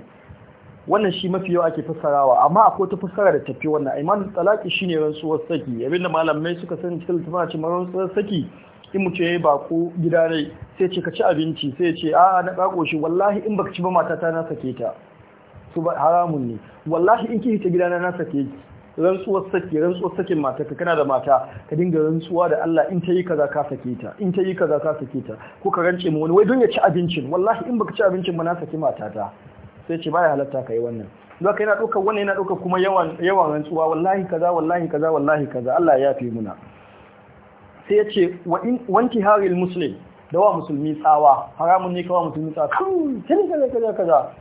wannan shi mafi yawa ake fassarawa amma akwai ta fassara da tafi wannan imanin talaki shine rantsuwar saki abinda malamai suka san cikin littafin rantsuwar saki in mu ce baku gida rai sai ce ka ci abinci sai ce a na bako shi wallahi in baka ci ba matata na sake ta su ba haramun ne wallahi in ki ta gida na sake ki rantsuwar sake rantsuwar sakin mata ka kana da mata ka dinga rantsuwa da Allah in ta yi kaza ka sake ta in ta yi kaza ka sake ta ko ka rance mu wani wai don ya ci abincin wallahi in baka ci abincin ba na mata matata sai ce baya halatta ka yi wannan ka yana ɗaukar wannan yana ɗaukar kuma yawan yawan rantsuwa wallahi kaza wallahi kaza wallahi kaza Allah ya fi muna sai ya ce wanti haril muslim da wa musulmi tsawa haramun ne kawai musulmi tsawa kan kaza kaza kaza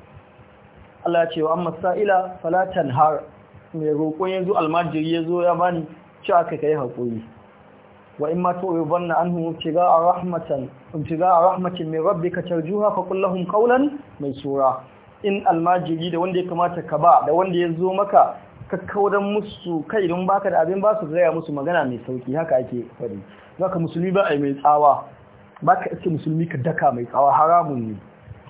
Allah ya ce wa amma sa'ila falatan har mai roƙon yanzu almajiri ya zo ya bani cewa ka kai haƙuri wa in ma tu'ibanna anhu ibtiga rahmatan ibtiga rahmatin min rabbika tarjuha fa qul lahum qawlan maysura in almajiri da wanda ya kamata ka ba da wanda ya zo maka ka kauran musu kai don baka da abin ba su gaya musu magana mai sauki haka ake Za ka musulmi ba ai mai tsawa baka iske musulmi ka daka mai tsawa haramun ne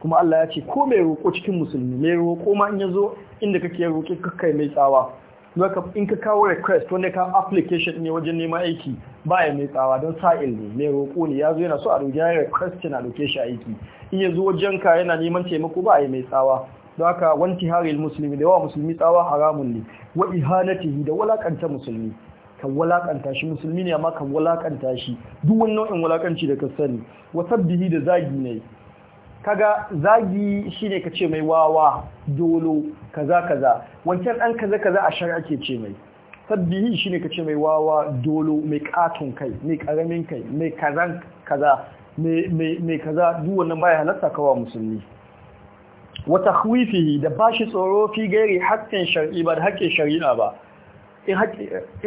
kuma Allah ya ce ko mai roƙo cikin musulmi mai roƙo ma in yazo inda kake roƙe ka kai mai tsawa zaka in ka kawo request wanda ka application ne wajen neman aiki ba ai mai tsawa don sa'il ne mai roƙo ne yazo yana so a roƙi ya request na roƙe shi aiki in yazo wajen ka yana neman taimako ba yi mai tsawa don haka wanti hari musulmi da yawa musulmi tsawa haramun ne wa ihanatihi da walakanta musulmi kan walakanta shi musulmi ne amma kan walakanta shi duk wani nau'in walakanci da ka sani wa sabbihi da zagi ne kaga zagi shine ka ce mai wawa dolo kaza kaza wancan dan kaza kaza a shari'a ke ce mai sabbihi shine ka ce mai wawa dolo mai katon kai mai karamin kai mai kaza mai kaza duk wannan baya halatta kawa musulmi wata takhwifihi da bashi tsoro fi gairi haƙƙin shar'i ba da haƙƙin shari'a ba in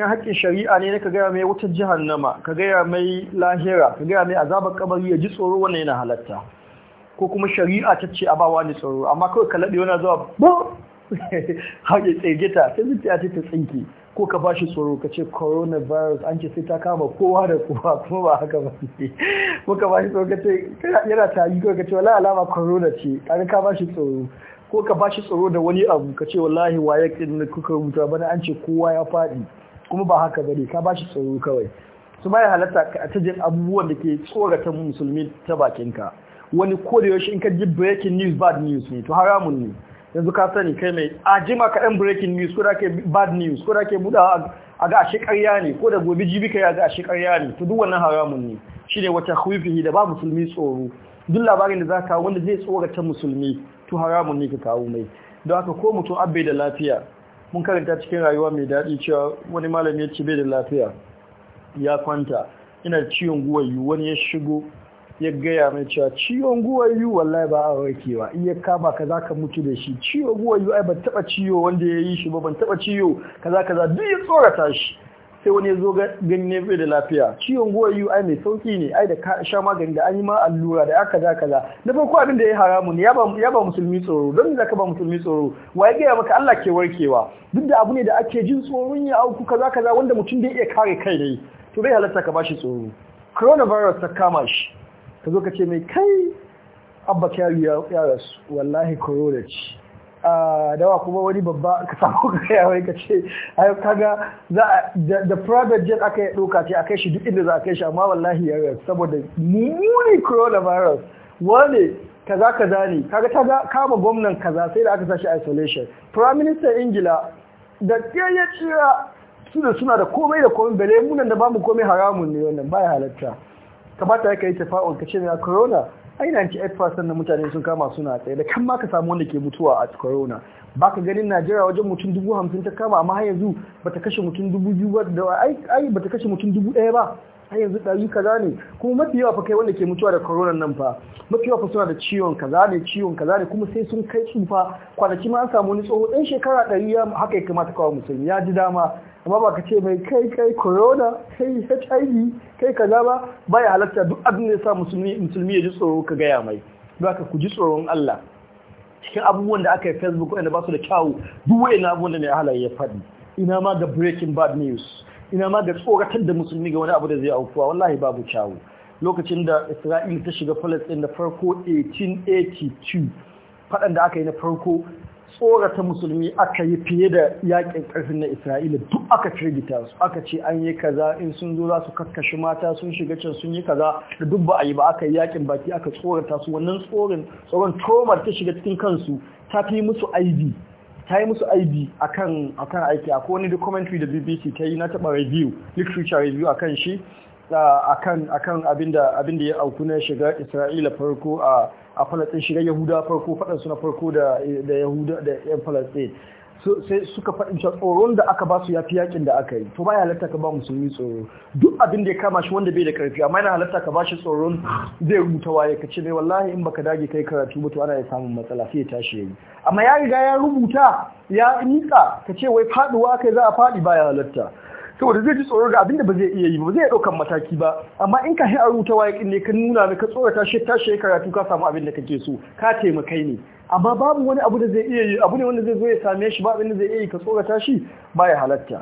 haƙƙin shari'a ne ka gaya mai wutar nama ka gaya mai lahira ka gaya mai azabar kabari ya ji tsoro wannan yana halatta ko kuma shari'a ta ce a ba wani tsoro amma kawai ka laɗe zuwa ba har ya tsirgita sai zuciya ta tsinki ko ka bashi tsoro ka ce coronavirus an ce sai ta kama kowa da kowa kuma ba haka ba ne ko ka bashi tsoro ka ce yana tari kawai ka ce wala alama corona ce an ka bashi tsoro ko ka bashi tsoro da wani abu ka ce wallahi waye kin kuka rubuta bana an ce kowa ya faɗi kuma ba haka bane ka bashi tsoro kawai su ma ya halatta ka ta jin abubuwan da ke tsorata musulmi ta bakinka wani ko da yaushe in ka ji breaking news bad news ne to haramun ne yanzu ka sani kai mai ajima ka ɗan breaking news ko da ke bad news ko da ke buɗa a ga ashe ƙarya ne ko da gobe jibi ka ya ga ashe ƙarya ne to duk wannan haramun ne shi ne wata hufihi da ba musulmi tsoro duk labarin da za ka wanda zai tsorata musulmi to haramun ne ka kawo mai don haka ko mutum abbe da lafiya mun karanta cikin rayuwa mai daɗi cewa wani malami ya ci bai da lafiya ya kwanta ina ciwon guwayu wani ya shigo ya gaya mai cewa ciwon guwayu wallahi ba a warkewa iya kama ka za ka mutu da shi ciwo guwayu ai ban taba ciwo wanda ya yi shi ba ban taba ciwo kaza kaza duk ya tsorata shi sai wani ya zo ganin bai da lafiya ciwon ai mai sauki ne ai da sha magani da an yi ma allura da aka za kaza na farko abin da ya haramu ne ya ba musulmi tsoro don zaka ba musulmi tsoro wa ya gaya maka Allah ke warkewa duk da abu ne da ake jin tsoron ya auku kaza kaza wanda mutum bai iya kare kai ne to bai halatta ka bashi tsoro coronavirus ta kama shi ka zo ka ce mai kai abba kyaru ya rasu wallahi korona ce a dawa kuma wani babba ka samu ka yawai ka ce ayo kaga za da private jet aka yi doka ce a kai shi duk inda za a kai shi amma wallahi ya rasu saboda mummuni coronavirus Wani kaza kaza ne kaga ta kama gwamnan kaza sai da aka sa shi isolation prime minister ingila da ya cira suna da komai da komai bale munan da bamu komai haramun ne wannan baya halatta kamata ya ta yi ka ce na corona ai 98% na mutane sun kama suna tsaye da kan ma ka samu wanda ke mutuwa a corona ka ganin Najeriya wajen mutum dubu hamsin ta kama amma har ba ta kashe mutum dubu biyu ba da ai ta kashe mutum dubu ɗaya ba har yanzu ɗari kaza ne kuma mafi yawa fa kai wanda ke mutuwa da corona nan fa mafi yawa fa suna da ciwon kaza ne ciwon kaza ne kuma sai sun kai tsufa kwanaki ma an samu wani tsoho ɗan shekara ɗari ya haka ya kamata kawo musulmi ya ji dama amma ba ka ce mai kai kai corona kai hiv kai kaza ba ba ya halatta duk abin da ya sa musulmi ya ji tsoro ka gaya mai don ka ku ji tsoron Allah cikin abubuwan da aka yi facebook wanda ba su da kyawu duk wa'in abubuwan da mai halaye ya faɗi ina ma da breaking bad news ina ma da tsoratar da musulmi ga wani abu da zai aukuwa wallahi babu kyawu lokacin da Isra'il ta shiga falastin da farko 1882 faɗan da aka yi na farko tsoratar musulmi aka yi fiye da yakin ƙarfin na Isra'ila duk aka firgita su aka ce an yi kaza in sun zo za su kakkashi mata sun shiga can sun yi kaza da duk ba a yi ba aka yi yakin baki aka tsorata su wannan tsoron tsoron tomar ta shiga cikin kansu ta fi musu aidi ta yi musu aibi akan akan aiki akwai wani documentary da BBC ta yi na taba review literature review akan shi uh, akan akan abinda ya auku na shiga Isra'ila farko uh, a a shiga Yahuda farko fadan su na farko da da Yahuda da Palestine sai suka faɗin tsoron da aka ba su ya fi yakin da aka yi to ba ya halatta ka ba musulmi tsoro duk abin da ya kama shi wanda bai da karfi amma yana halatta ka ba shi tsoron zai rubuta waye ka ce mai wallahi in baka dage kai karatu ba to ana samun matsala sai ya tashi yayi amma ya riga ya rubuta ya nika ka ce wai faɗuwa kai za a faɗi ba ya halatta saboda zai ji tsoro da abinda ba zai iya yi ba zai ɗaukan mataki ba amma in ka hi a rubuta waye ne ka nuna ne ka tsorata shi tashi ya karatu ka samu abin da kake so ka taimakai ne amma babu wani abu da zai iya yi abu ne wanda zai zo ya same shi ba abin da zai iya yi ka tsorata shi ba ya halatta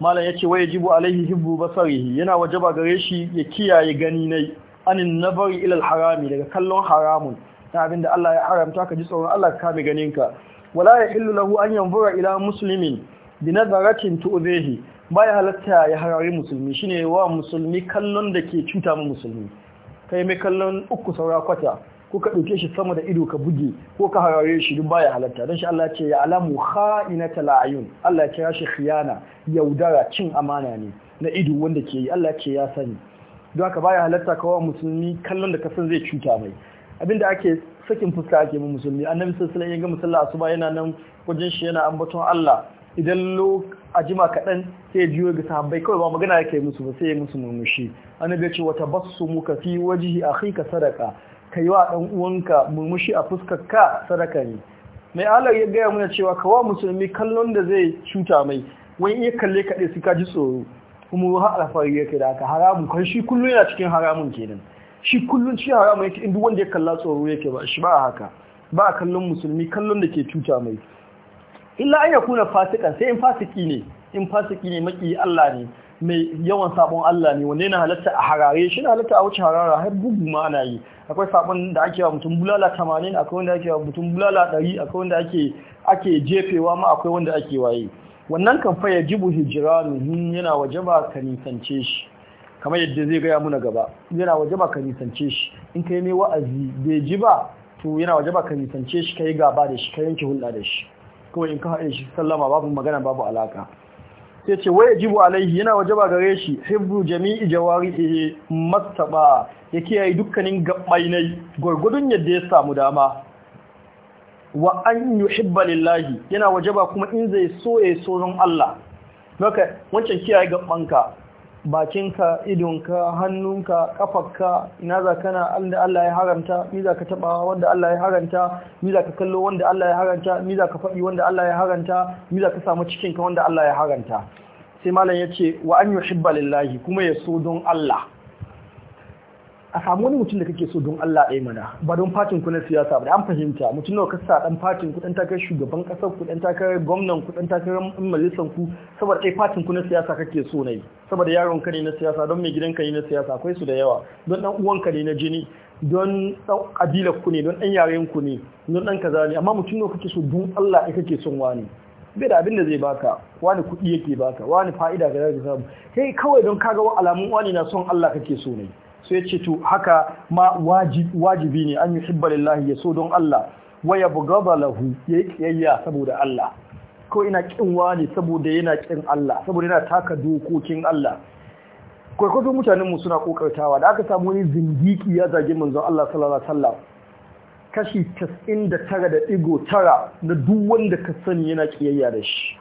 malam ya ce waye jibu alaihi hibbu basarihi yana wajaba gare shi ya kiyaye gani nai anin bari ilal harami daga kallon haramun na abin da Allah ya haramta ka ji tsoron Allah ka kame ganinka wala ya illu lahu an yanzura ila muslimin bi nazaratin tu'zihi baya halatta ya harare musulmi shine wa musulmi kallon da ke cuta mu musulmi kai mai kallon uku saura kwata ko ka ɗauke shi sama da ido ka buge ko ka harare shi duk baya halatta don shi Allah ce ya alamu kha'inata la'ayun Allah ya kira shi khiyana yaudara cin amana ne na ido wanda ke yi Allah ce ya sani don haka baya halatta wa musulmi kallon da ka san zai cuta mai abinda ake sakin fuska ake mu musulmi annabi sallallahu alaihi wasallam ya ga musalla asuba yana nan wajen shi yana ambaton Allah idan a jima kaɗan sai ya ga sahabbai kawai ba magana yake musu ba sai ya musu murmushi annabi ya ce wata basu muka fi wajihi ka sadaka kai wa dan uwanka murmushi a fuskar ka sadaka ne mai Allah ya gaya mana cewa kawa musulmi kallon da zai cuta mai wani iya kalle ka dai ka ji tsoro kuma har alfari yake da haka haramu kan shi kullun yana cikin haramun kenan shi kullun shi haramun yake in duk wanda ya kalla tsoro yake ba shi ba haka ba kallon musulmi kallon da ke cuta mai illa an yakuna fasikan sai in fasiki ne in fasiki ne maki Allah ne mai yawan sabon Allah ne wanne na halatta a harare shi na halatta a wuce harara har bugu ma ana yi akwai sabon da ake wa mutum bulala 80 akwai wanda ake wa mutum bulala 100 akwai wanda ake ake jefewa ma akwai wanda ake waye wannan kan fa yajibu hijranuhu yana wajaba ka nisance shi kamar yadda zai gaya muna gaba yana wajaba ka nisance shi in kai mai wa'azi bai ji ba to yana wajaba ka nisance shi kai gaba da shi ka yanke hulɗa da shi kawai in ka haɗe shi sallama babu magana babu alaka sai ce waya jibu alaihi yana wajaba gare shi hibru jami'i jawarihi mastaba ya kiyaye dukkanin gabbainai gurgudun yadda ya samu dama wa an yuhibba lillahi yana wajaba kuma in zai so ya so don Allah wancan kiyaye gabbanka bakinka idonka hannunka kafarka ina za kana wanda Allah ya haramta mi za ka taba wanda Allah ya haramta mi za ka kallo wanda Allah ya haramta mi za ka faɗi wanda Allah ya haramta mi za ka samu cikinka wanda Allah ya haramta sai malam yace wa an yuhibba lillahi kuma ya so don Allah a samu wani mutum da kake so don Allah ɗaya mana ba don fatin kuna na siyasa ba an fahimta mutum nawa ka sa dan fatin ku takarar shugaban kasar ku takarar gwamnan kudan takarar majalisar ku saboda ɗaya fatin kuna siyasa kake so ne saboda yaron ka ne na siyasa don mai gidan ka ne na siyasa akwai su da yawa don dan uwan ka ne na jini don dan kabilar ku ne don dan yaren ku ne don dan kaza ne amma mutum nawa kake so don Allah ɗaya kake son wani bai da abin da zai baka wani kuɗi yake baka wani fa'ida ga zai samu kai kawai don kaga wa alamun wani na son Allah kake so ne sai ce to haka ma wajibi ne an yi lillahi ya so don Allah waya bugaba lahu yayi kiyayya saboda Allah ko ina kin wani saboda yana kin Allah saboda yana taka dokokin Allah kwaikwato mutanenmu mu suna kokartawa da aka samu wani zindiki ya zage manzon Allah sallallahu alaihi wasallam kashi 99.9 na duk wanda ka sani yana kiyayya da shi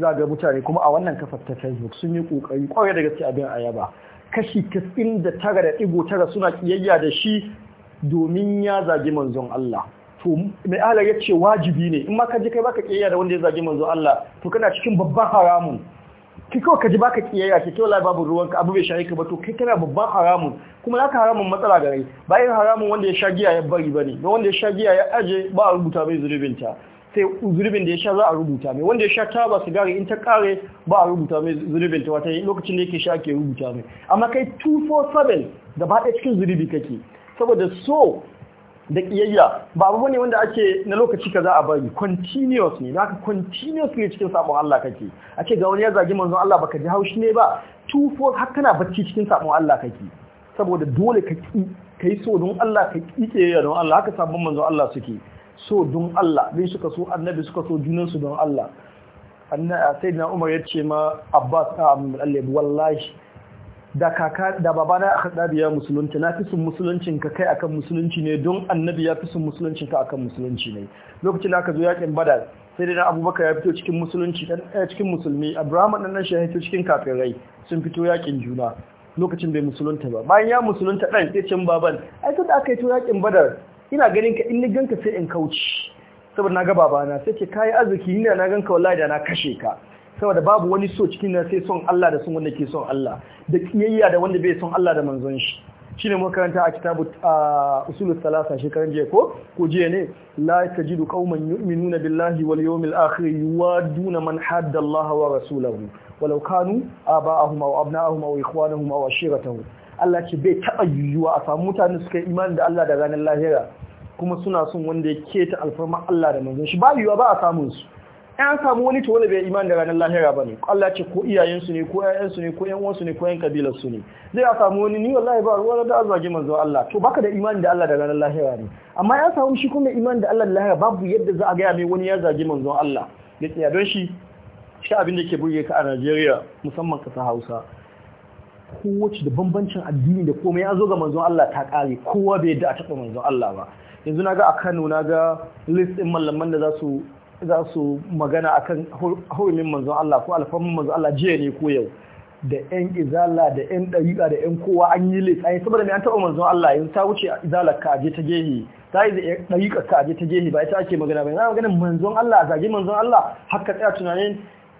za mutane kuma a wannan kafar ta Facebook sun yi ƙoƙari kwarai da gaske abin ayaba kashi 99.9 suna kiyayya da shi domin ya zagi manzon Allah to mai ala ya ce wajibi ne in ma ka ji kai baka kiyayya da wanda ya zagi manzon Allah to kana cikin babban haramun ki kawai ka ji baka kiyayya ki kawai babu ruwanka abu bai shaye ka ba to kai kana babban haramun kuma ka haramun matsala gare ba haramun wanda ya sha giya ya bari bane don wanda ya sha giya ya aje ba a rubuta bai zunubin ta sai zunubin da ya sha za a rubuta mai wanda ya sha ta taba sigari in ta kare ba a rubuta mai zunubin ta wata lokacin da yake sha ke rubuta mai amma kai 247 ba ɗaya cikin zunubi kake saboda so da kiyayya ba abu ne wanda ake na lokaci ka za a bari continuous ne ka continuous ne cikin sabon Allah kake a ce ga wani ya zagi manzon Allah baka ji haushi ne ba 24 har kana bacci cikin sabon Allah kake saboda dole ka ki kai so don Allah ka ki don Allah haka sabon manzon Allah suke so don Allah dai suka so annabi suka so junansu don Allah sai na umar ya ce ma abbas a alib wallahi da kaka da babana a haɗari ya musulunci na fi sun musuluncin ka kai akan musulunci ne don annabi ya fi sun musuluncin ka akan musulunci ne lokacin da aka zo yakin badar sai dai na abubakar ya fito cikin musulunci ɗan eh, cikin musulmi abraham ɗan nan shahidu cikin kafirai sun fito yakin juna lokacin bai musulunta ba bayan ya musulunta ɗan sai can baban ai tun da aka yi to yakin badar ina ganin ka in ni ganka sai in kauci saboda na ga babana sai ce kai arziki ina na ganka wallahi da na kashe ka saboda babu wani so cikin na sai son Allah da sun wanda ke son Allah da kiyayya da wanda bai son Allah da manzon shi shine muka karanta a kitabu usulus salasa shekaran jiya ko ko jiya ne la tajidu qauman yu'minuna billahi wal yawmil akhir yuwaduna man hadda Allah wa rasulahu walau kanu aba'ahum aw abna'ahum aw ikhwanahum aw ashiratahum Allah ce bai taɓa yiwuwa a samu mutane suka yi imani da Allah da ranar lahira kuma suna son wanda ya keta alfarma Allah da manzon shi ba yiwuwa ba a samun su an samu wani to wanda bai imani da ranar lahira ba ne Allah ce ko iyayensu ne ko ƴaƴansu ne ko ƴan ne ko ƴan kabilar su ne zai a samu wani ni wallahi ba ruwa da azwaji manzon Allah to baka da imani da Allah da ranar lahira ne amma ya samu shi kuma imani da Allah da lahira babu yadda za a ga mai wani ya zagi manzon Allah ya tsaya don shi shi abin da ke burge ka a Najeriya musamman Hausa kowace da bambancin addini da komai an zo ga manzon Allah ta kare kowa bai da a taɓa manzon Allah ba yanzu naga a Kano ga list din malaman da za su za su magana akan hurumin manzon Allah ko alfamin manzon Allah jiya ne ko yau da yan izala da yan ɗariƙa da yan kowa an yi list ai saboda me an taɓa manzon Allah yanzu ta wuce izalar ka aje ta gehe ta yi da ɗariƙa ka aje ta gehe ba ita ake magana ba yanzu magana manzon Allah zage manzon Allah haka tsaya tunanin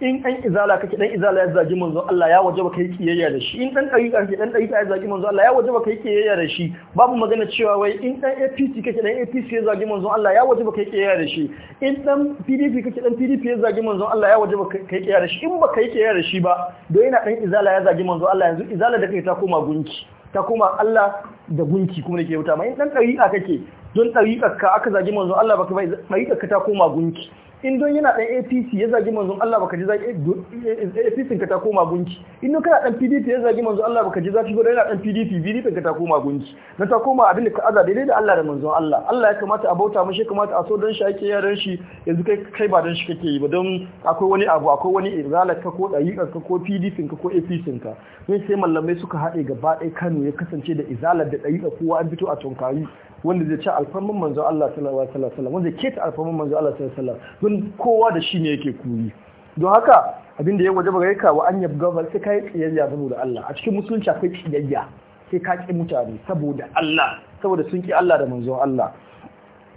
in ɗan izala kake ɗan izala ya zagi manzo Allah ya waje baka yi kiyayya da shi in ɗan ɗariƙa kake ɗan ɗariƙa ya zagi manzo Allah ya waje baka yi kiyayya da shi babu magana cewa wai in ɗan APC kake ɗan APC ya zagi manzo Allah ya waje baka yi kiyayya da shi in ɗan PDP kake ɗan PDP ya zagi manzo Allah ya waje baka yi kiyayya da shi in baka yi kiyayya da shi ba da yana ɗan izala ya zagi manzo Allah yanzu izala da kai ta koma gunki ta koma Allah da gunki kuma da wuta ma in ɗan ɗariƙa kake don ɗariƙa ka aka zagi manzo Allah baka bai ɗariƙa ka ta koma gunki in don yana dan APC ya zagi manzon Allah baka ji zagi eh, APC ka ta koma gunki in don kana dan PDP ya zagi manzon Allah baka ji zafi ba yana dan PDP PDP ka ta koma gunki na ta koma abin da ka aza daidai da Allah da manzon Allah Allah ya kamata a bauta mashi kamata a so dan shi ake yaran shi yanzu kai kai ba dan shi kake yi ba don akwai wani abu akwai wani irzalar ka ko dayiƙar ka ko PDP ka ko APC ka sai sai mallamai suka haɗe gaba ɗaya Kano ya kasance da izalar da dayiƙa kowa an fito a tunkari wanda zai ci alfarmin manzo Allah sallallahu alaihi wasallam wanda ke ta alfarmin manzon Allah sallallahu alaihi wasallam don kowa da shi ne yake kuri don haka abin da ya waje bare ka wa an yabga sai kai tsiyayya saboda Allah a cikin musulunci akwai tsiyayya sai ka ki mutane saboda Allah saboda sun ki Allah da manzon Allah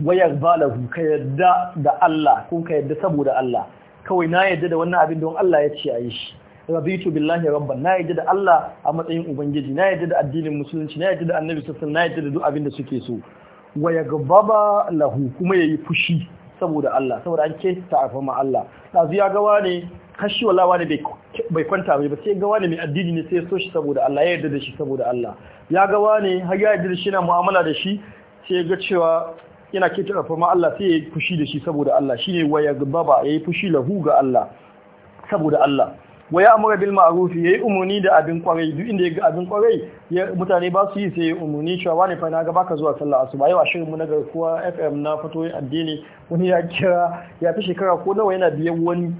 wayar balahu ka yadda da Allah ko ka yadda saboda Allah kawai na yadda da wannan abin don Allah ya ce a yi shi rabitu billahi rabban na yadda da Allah a matsayin ubangiji na yadda da addinin musulunci na yadda da annabi sassan na yadda da duk abin da suke so wa yagbaba lahu kuma yi fushi saboda Allah saboda an ce ta'afama Allah ɗazu ya gawa ne kashi walawa ne bai kwanta bai ba sai gawa ne mai addini ne sai so shi saboda Allah ya yarda da shi saboda Allah ya gawa ne har ya yarda da shi na mu'amala da shi sai ga cewa yana ke ta'afama Allah sai ya yi fushi da shi saboda Allah shine ba ya yi fushi lahu ga Allah saboda Allah wa ya amura bil ma'ruf yayi umuni da abin kwarai duk inda yaga abin kwarai mutane ba su yi sai umuni cewa wani fa na ga baka zuwa sallah asuba yau ashirin mu na garkuwa FM na fito addini wani ya kira ya fi shekara ko nawa yana biyan wani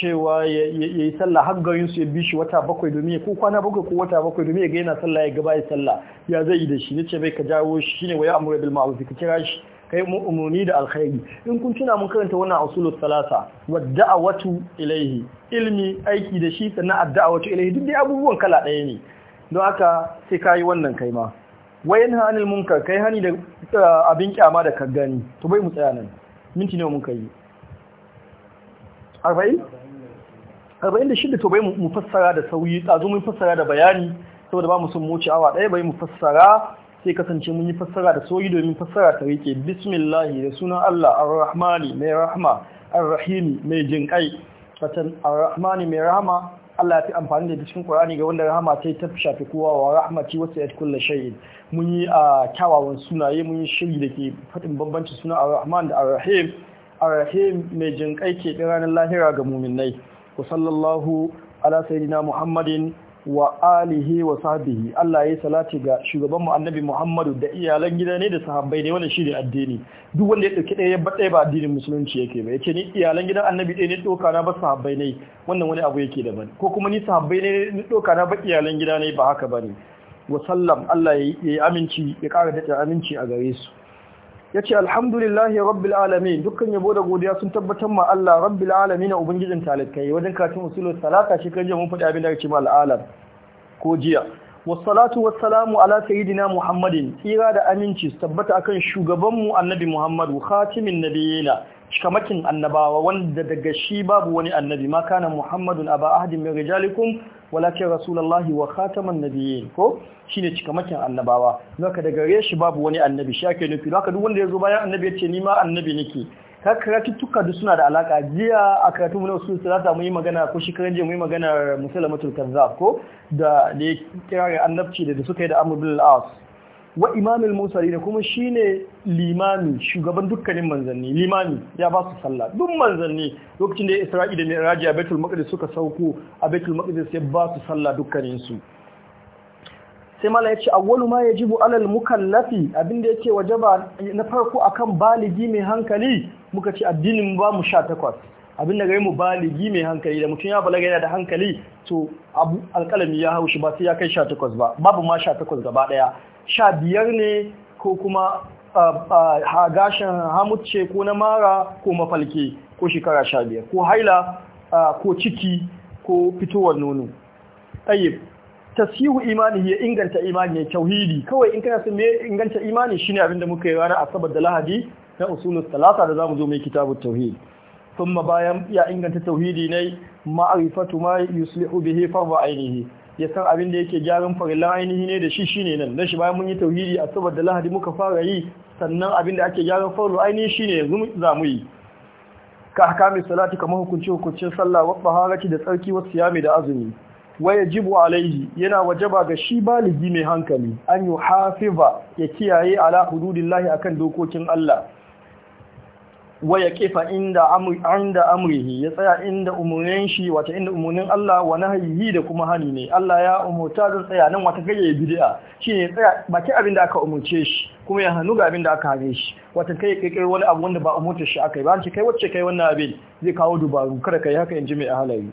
cewa ya yi sallah har garin su ya bi shi wata bakwai domin ya ko kwana bakwai ko wata bakwai domin ya ga yana sallah ya gaba ya sallah ya zai yi da shi ce bai ka jawo shi shine waya amura bil ma'ruf ka kira shi kai mu da alkhairi in kun tuna mun karanta wannan usulul salasa wadda'awatu ilaihi ilmi aiki da shi sannan adda'awatu ilaihi duk dai abubuwan kala ɗaya ne don haka sai kayi wannan kai ma wayan hanil munkar kai hani da eh, abin kyama da kaggani to bai mu tsaya nan minti nawa Arba'in? Arba'in 40 46 to bai mu fassara da sauyi tsazo mun fassara da bayani saboda ba mu sun mu awa ɗaya bai mu fassara sai kasance mun yi fassara da sauri domin fassara ta rike bismillahi da sunan Allah ar-rahmani mai rahma ar-rahimi mai kai fatan ar-rahmani mai rahma Allah ya fi amfani da cikin Qur'ani ga wanda rahama ta ta shafi kowa wa rahmati wata ya kullu shay'in mun yi a kyawawan sunaye mun yi shiri da ke faɗin bambanci sunan ar-rahman da ar-rahim ar-rahim mai jinkai ke ranar lahira ga muminai wa sallallahu ala sayyidina muhammadin wa alihi wa sahbihi Allah ya salati ga shugaban mu annabi Muhammadu da iyalan gida da sahabbai ne wannan shine addini duk wanda ya dauki ɗaya ba ɗaya ba addinin musulunci yake ba yace ni iyalan gidan annabi ɗaya ne doka na ba sahabbai ne wannan wani abu yake daban ko kuma ni sahabbai ne ni doka na ba iyalan gida ne ba haka bane wa sallam Allah ya yi aminci ya kara aminci a gare su ya ce alhamdulillahi rabbil alami, dukkan yabo da godiya sun tabbatar ma Allah rabbil alami na ubangijin talakai wajen katin usulun salata shi kan mun faɗi abin da ya ce ma al'alam ko jiya wasu wassalamu ala dina muhammadin tsira da aminci su tabbata a akan shugabanmu annabi muhammadu khatimin nabiyina Cikamakin annabawa wanda daga shi babu wani annabi ma kana muhammadun aba ahadin mai rijalikun walakin rasulullahi wa khataman nabiyyin ko shine cikamakin annabawa zaka daga gare shi babu wani annabi shi ake nufi zaka duk wanda yazo bayan annabi yace ni ma annabi nake ka duk suna da alaka jiya a karatu mu na usul salata mu yi magana ko shi karanje mu yi magana musalamatul kazzab ko da da kirare annabci da suka yi da amrul as wa imamul mursali da kuma shine limami shugaban dukkanin manzanni limami ya ba su sallah duk manzanni lokacin da ya Isra'ila da Mi'raj a Baitul Maqdis suka sauko a Baitul Maqdis ya ba su sallah dukkaninsu. sai mala ya ce awwalu ma ya ji yajibu alal mukallafi abinda yake ba na farko akan baligi mai hankali muka ce addinin ba mu 18 abinda gare mu baligi mai hankali da mutum ya balaga yana da hankali to abu alkalami ya haushi ba sai ya kai sha takwas ba babu ma takwas gaba daya sha biyar ne ko kuma gashin hamutce ko na mara ko mafalke ko shekara sha biyar ko haila ko ciki ko fitowar nono ayyib tasihu imani ya inganta imani ya tauhidi kawai in kana sun inganta imani shine abin da muka yi ranar asabar da lahadi na usulun talata da za mu zo mai kitabut tauhid thumma bayan ya inganta tauhidi ne ma'rifatu ma yuslihu bihi farwa ainihi ya san abin da yake gyaran farilla ainihi ne da shi shine nan dan shi bayan mun yi tauhidi a saboda lahadi muka fara yi sannan abin da ake gyaran farilla ainihi shine yanzu za mu yi ka hakami salati kamar hukunci hukuncin sallah wa taharati da tsarki wa siyami da azumi waya jibu alaihi yana wajaba ga shi baligi mai hankali an yi ya kiyaye ala hududillahi akan dokokin Allah waya kifa inda inda amrihi ya tsaya inda umurin shi wata inda umurin Allah wa nahyihi da kuma hani ne Allah ya umurta zan tsaya nan wata ya bid'a shine tsaya baki abin da aka umurce shi kuma ya hanu ga abin da aka hare shi wata kai kirkirar wani abu wanda ba umurta shi akai ba ce kai wacce kai wannan abin zai kawo dubaru kada kai haka in ji mai ahalari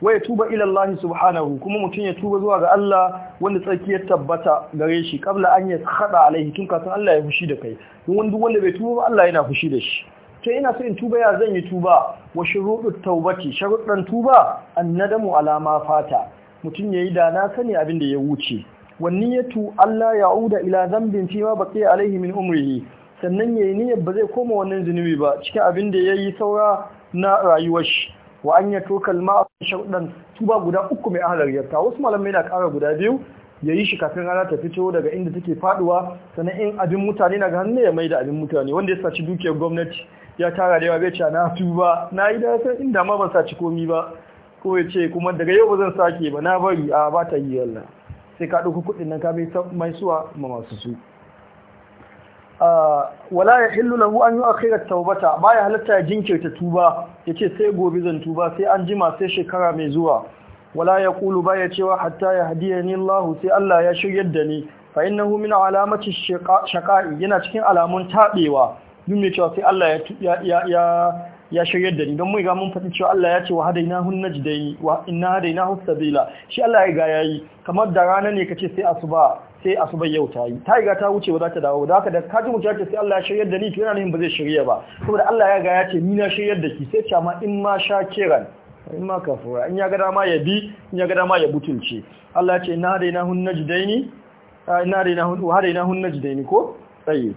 waya tuba ila Allah subhanahu kuma mutum ya tuba zuwa ga Allah wanda tsarki ya tabbata gare shi kabla an ya hada alaihi tun kafin Allah ya fushi da kai don wanda bai tuba ba Allah yana fushi da shi to ina so in tuba ya zan yi tuba wa shuruɗu taubati sharuɗan tuba annadamu alama fata mutum yayi da na sani abin da ya wuce wanniyatu Allah ya'uda ila zan fi ma baqiya alaihi min umrihi sannan yayi niyyar ba zai koma wannan zunubi ba cikin abin da yayi saura na rayuwar shi wa an yato kalma sharuɗan tuba guda uku mai ahlar yarka wasu malamai na ƙara guda biyu ya yi shi kafin rana ta fito daga inda take faduwa sannan in abin mutane na ga hannu ya mai da abin mutane wanda ya saci dukiyar gwamnati ya tara da yawa bai cewa na tuba na yi da san inda ma ban saci komi ba ko ya ce kuma daga yau ba zan sake ba na bari a ba ta yi yalla sai ka ɗauki kuɗin nan ka mai mai suwa ma masu su wala ya hillu lahu an yi yu'akhira taubata ba ya halatta ya jinkirta tuba ce sai gobe zan tuba sai an jima sai shekara mai zuwa wala ya kulu baya cewa hatta ya hadiya ni Allah sai Allah ya shiryar da ni fa innahu min alamati shaqa'i yana cikin alamun tabewa duk mai cewa sai Allah ya ya shiryar da ni don mun gamun mun cewa Allah ya ce wa hadaina hun najdaini wa inna na hun sabila shi Allah ya ga yayi kamar da rana ne kace sai asuba sai asuba yau ta yi ta yi ga ta wuce ba za ta dawo da haka da ka ji mutum ce sai Allah ya shirya da ni to yana nufin ba zai shirya ba saboda Allah ya ga ya ce ni na shirya da ki sai ce in ma shakiran in ma kafura in ya ga dama ya bi in ya ga dama ya butulce Allah ya ce inna hadaina hun najdaini inna hadaina hun hadaina ko tsaye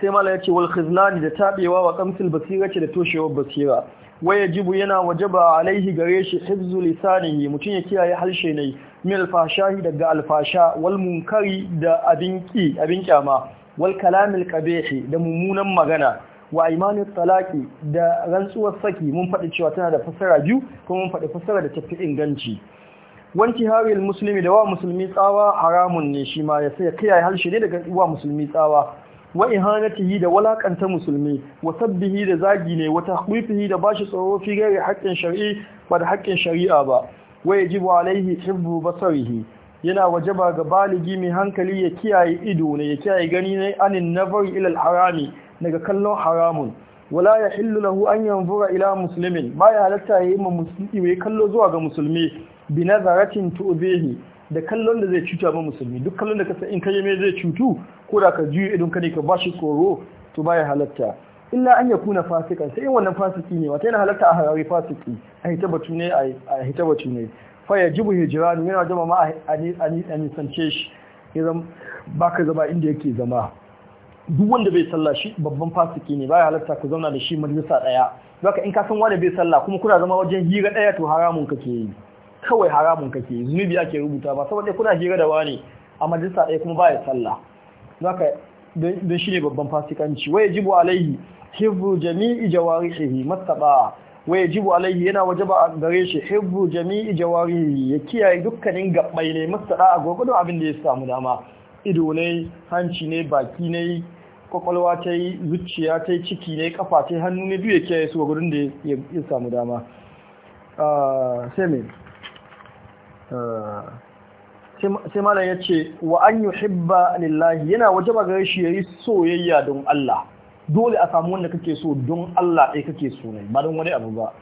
sai mala ya ce wal khizlani da tabewa wa kamsil basira ce da toshewar basira waya jibu yana wajaba alaihi gare shi hifzu lisanihi mutum ya kiyaye harshe ne min alfashahi daga alfasha wal munkari da abinki abin kyama wal kalamil qabihi da mummunan magana wa imanin talaki da rantsuwar saki mun faɗi cewa tana da fasara biyu kuma mun faɗi fasara da tafi inganci wanki haril musulmi da wa musulmi tsawa haramun ne shi ma ya sai kiyaye harshe ne daga wa musulmi tsawa wa ihanatihi da walakanta musulmi wa sabbihi da zagi ne wa tahwifihi da bashi tsoro fi gairi haƙƙin shari'i ba da haƙƙin shari'a ba wa yajibu alaihi hibbu basarihi yana wajaba ga baligi mai hankali ya kiyaye ido ne ya kiyaye gani ne anin nazari ila ilal harami daga kallon haramun wala ya hillu lahu an yanzura ila muslimin ya halatta ya yi ma musulmi ya kallo zuwa ga musulmi bi nazaratin tu'zihi da kallon da zai cuta ma musulmi duk kallon da ka san in kai mai zai cutu Koda ka juyo idon ka ne ka bashi tsoro to baya halatta illa an ya kuna fasikan sai wannan fasiki ne wata yana halatta a harare fasiki a hita batu ne a hita batu ne faya jibu yana jama ma a nisance shi ba ka zama inda yake zama duk wanda bai sallah shi babban fasiki ne baya halatta ku zauna da shi majalisa daya zaka in ka san wani bai sallah kuma kuna zama wajen hira daya to haramun kake yi kawai haramun kake yi zunubi ake rubuta ba saboda kuna hira da wani a majalisa daya kuma baya sallah zaka don shi ne babban fasikanci waye jibu alaihi hifzu jami'i jawarihi mattaba waye jibu alaihi yana wajaba a gare shi hifzu jami'i jawarihi ya kiyaye dukkanin gabbai ne mastada a gogodo abin da ya samu dama ido ne hanci ne baki ne kwakwalwa ta yi zuciya ta yi ciki ne kafa ta hannu ne duk ya kiyaye su gurgudun da ya samu dama ah, sai sai malam ya ce wa an Hibba lillahi yana waje ba gare shi ya yi soyayya don Allah dole a samu wanda kake so don Allah ɗaya kake so ne ba don wani abu ba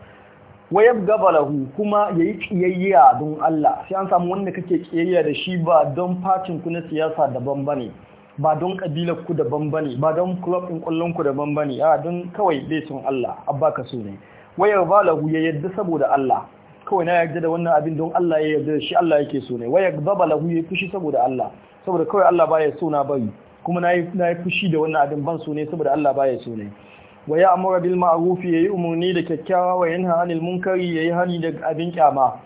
wayab gabalahu kuma ya yi kiyayya don Allah sai an samu wanda kake kiyayya da shi ba don facin ku na siyasa daban ne ba don kabilar ku daban ne ba don club din kullun ku daban ne a don kawai dai son Allah abba ka so ne wayar balahu ya yadda saboda Allah kawai na yarda da wannan abin don Allah ya yarda da shi Allah yake so ne waya zaba lahu ya fushi saboda Allah saboda kawai Allah baya so na bari kuma na yi fushi da wannan abin ban so ne saboda Allah baya so ne wa amara bil ya yi umarni da kyakkyawa wa yanha anil munkari ya yi hani da abin kyama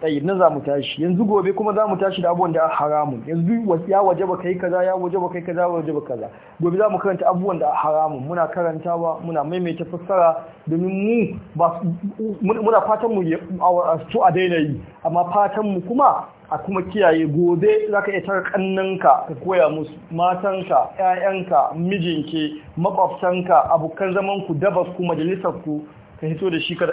tayyib nan za mu tashi yanzu gobe kuma za mu tashi da abubuwan da haramun yanzu ya waje ba kai kaza ya waje ba kai kaza ya waje ba kaza gobe za mu karanta abubuwan da haramun muna karantawa muna maimaita fassara domin mu muna fatan mu to a daina yi amma fatan mu kuma a kuma kiyaye gobe za ka iya tara kannanka ka koya musu matanka 'ya'yanka mijinki makwabtanka abokan zamanku dabas ku majalisar ku ka hito da shi ka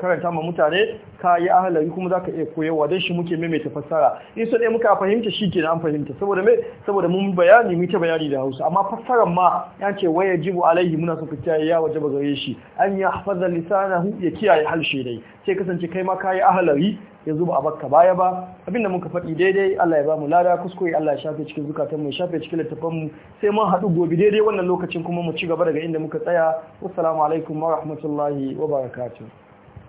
karanta ma mutane ka yi ahalari kuma zaka iya koyarwa don shi muke mai fassara in so dai muka fahimta shi ke an fahimta saboda mai saboda mun bayani mu ta bayani da Hausa amma fassarar ma ya ce waya jibu alaihi muna so fita ya waje gare shi an yahfaza lisanahu ya kiyaye halshe dai sai kasance kai ma ka yi ahalari yanzu ba a bakka baya ba abinda muka faɗi daidai Allah ya ba lada kuskure Allah ya shafe cikin zukatanmu ya shafe cikin littafanmu sai mun haɗu gobe daidai wannan lokacin kuma mu ci gaba daga inda muka tsaya wassalamu alaikum wa rahmatullahi wa barakatuh